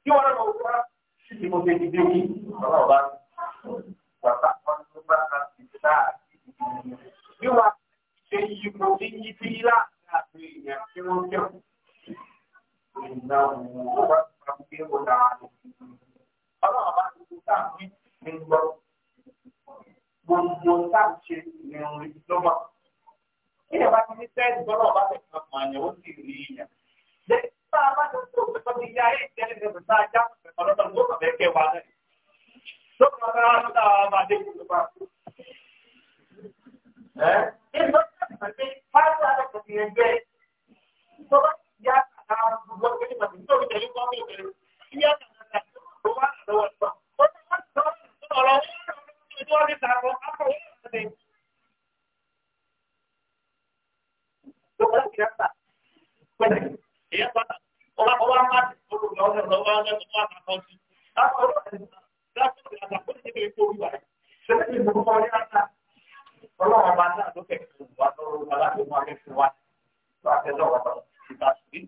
tí wọ́n lọ́wọ́ wá tí mo ṣe ti dé yìí ọ̀rọ̀ ọba wàtá kan tó bá ta sí sáà bí wàá ṣe yí mo ti yí sí láàrin àti ìyẹn tí wọ́n fẹ́ràn. Ọlọ́run bá ti kú sáàmì ní gbọ́. Gbogbo sáàṣe ni orin ló mọ̀. Kí ni bá ti ní sẹ́ẹ̀dì bọ́lọ̀ bá ti kan mọ̀ àyẹ̀wò sì rí yàn. Ṣé bá a bá ti tó pẹ̀tọ́ bí ilé ayé ìtẹ́lẹ̀ ní ọ̀sán ajá ọlọ́dọ̀ ló kàn fẹ́ kẹ́ wa náà. Lókùn ọ̀gá wa ló dá wa máa dé ìlú bá. Ẹ́ ẹ́ lọ́sẹ̀ àti pàṣẹ pàṣẹ àti ẹgbẹ́ tó bá ti yá ọlọ́run ọba náà ló fẹ̀ẹ́ fún wa lọ́rùn ọba láti mú akẹ́kọ̀ọ́ wa lọ́wọ́ ìbáṣepọ̀.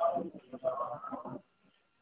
Assalamu alaikum.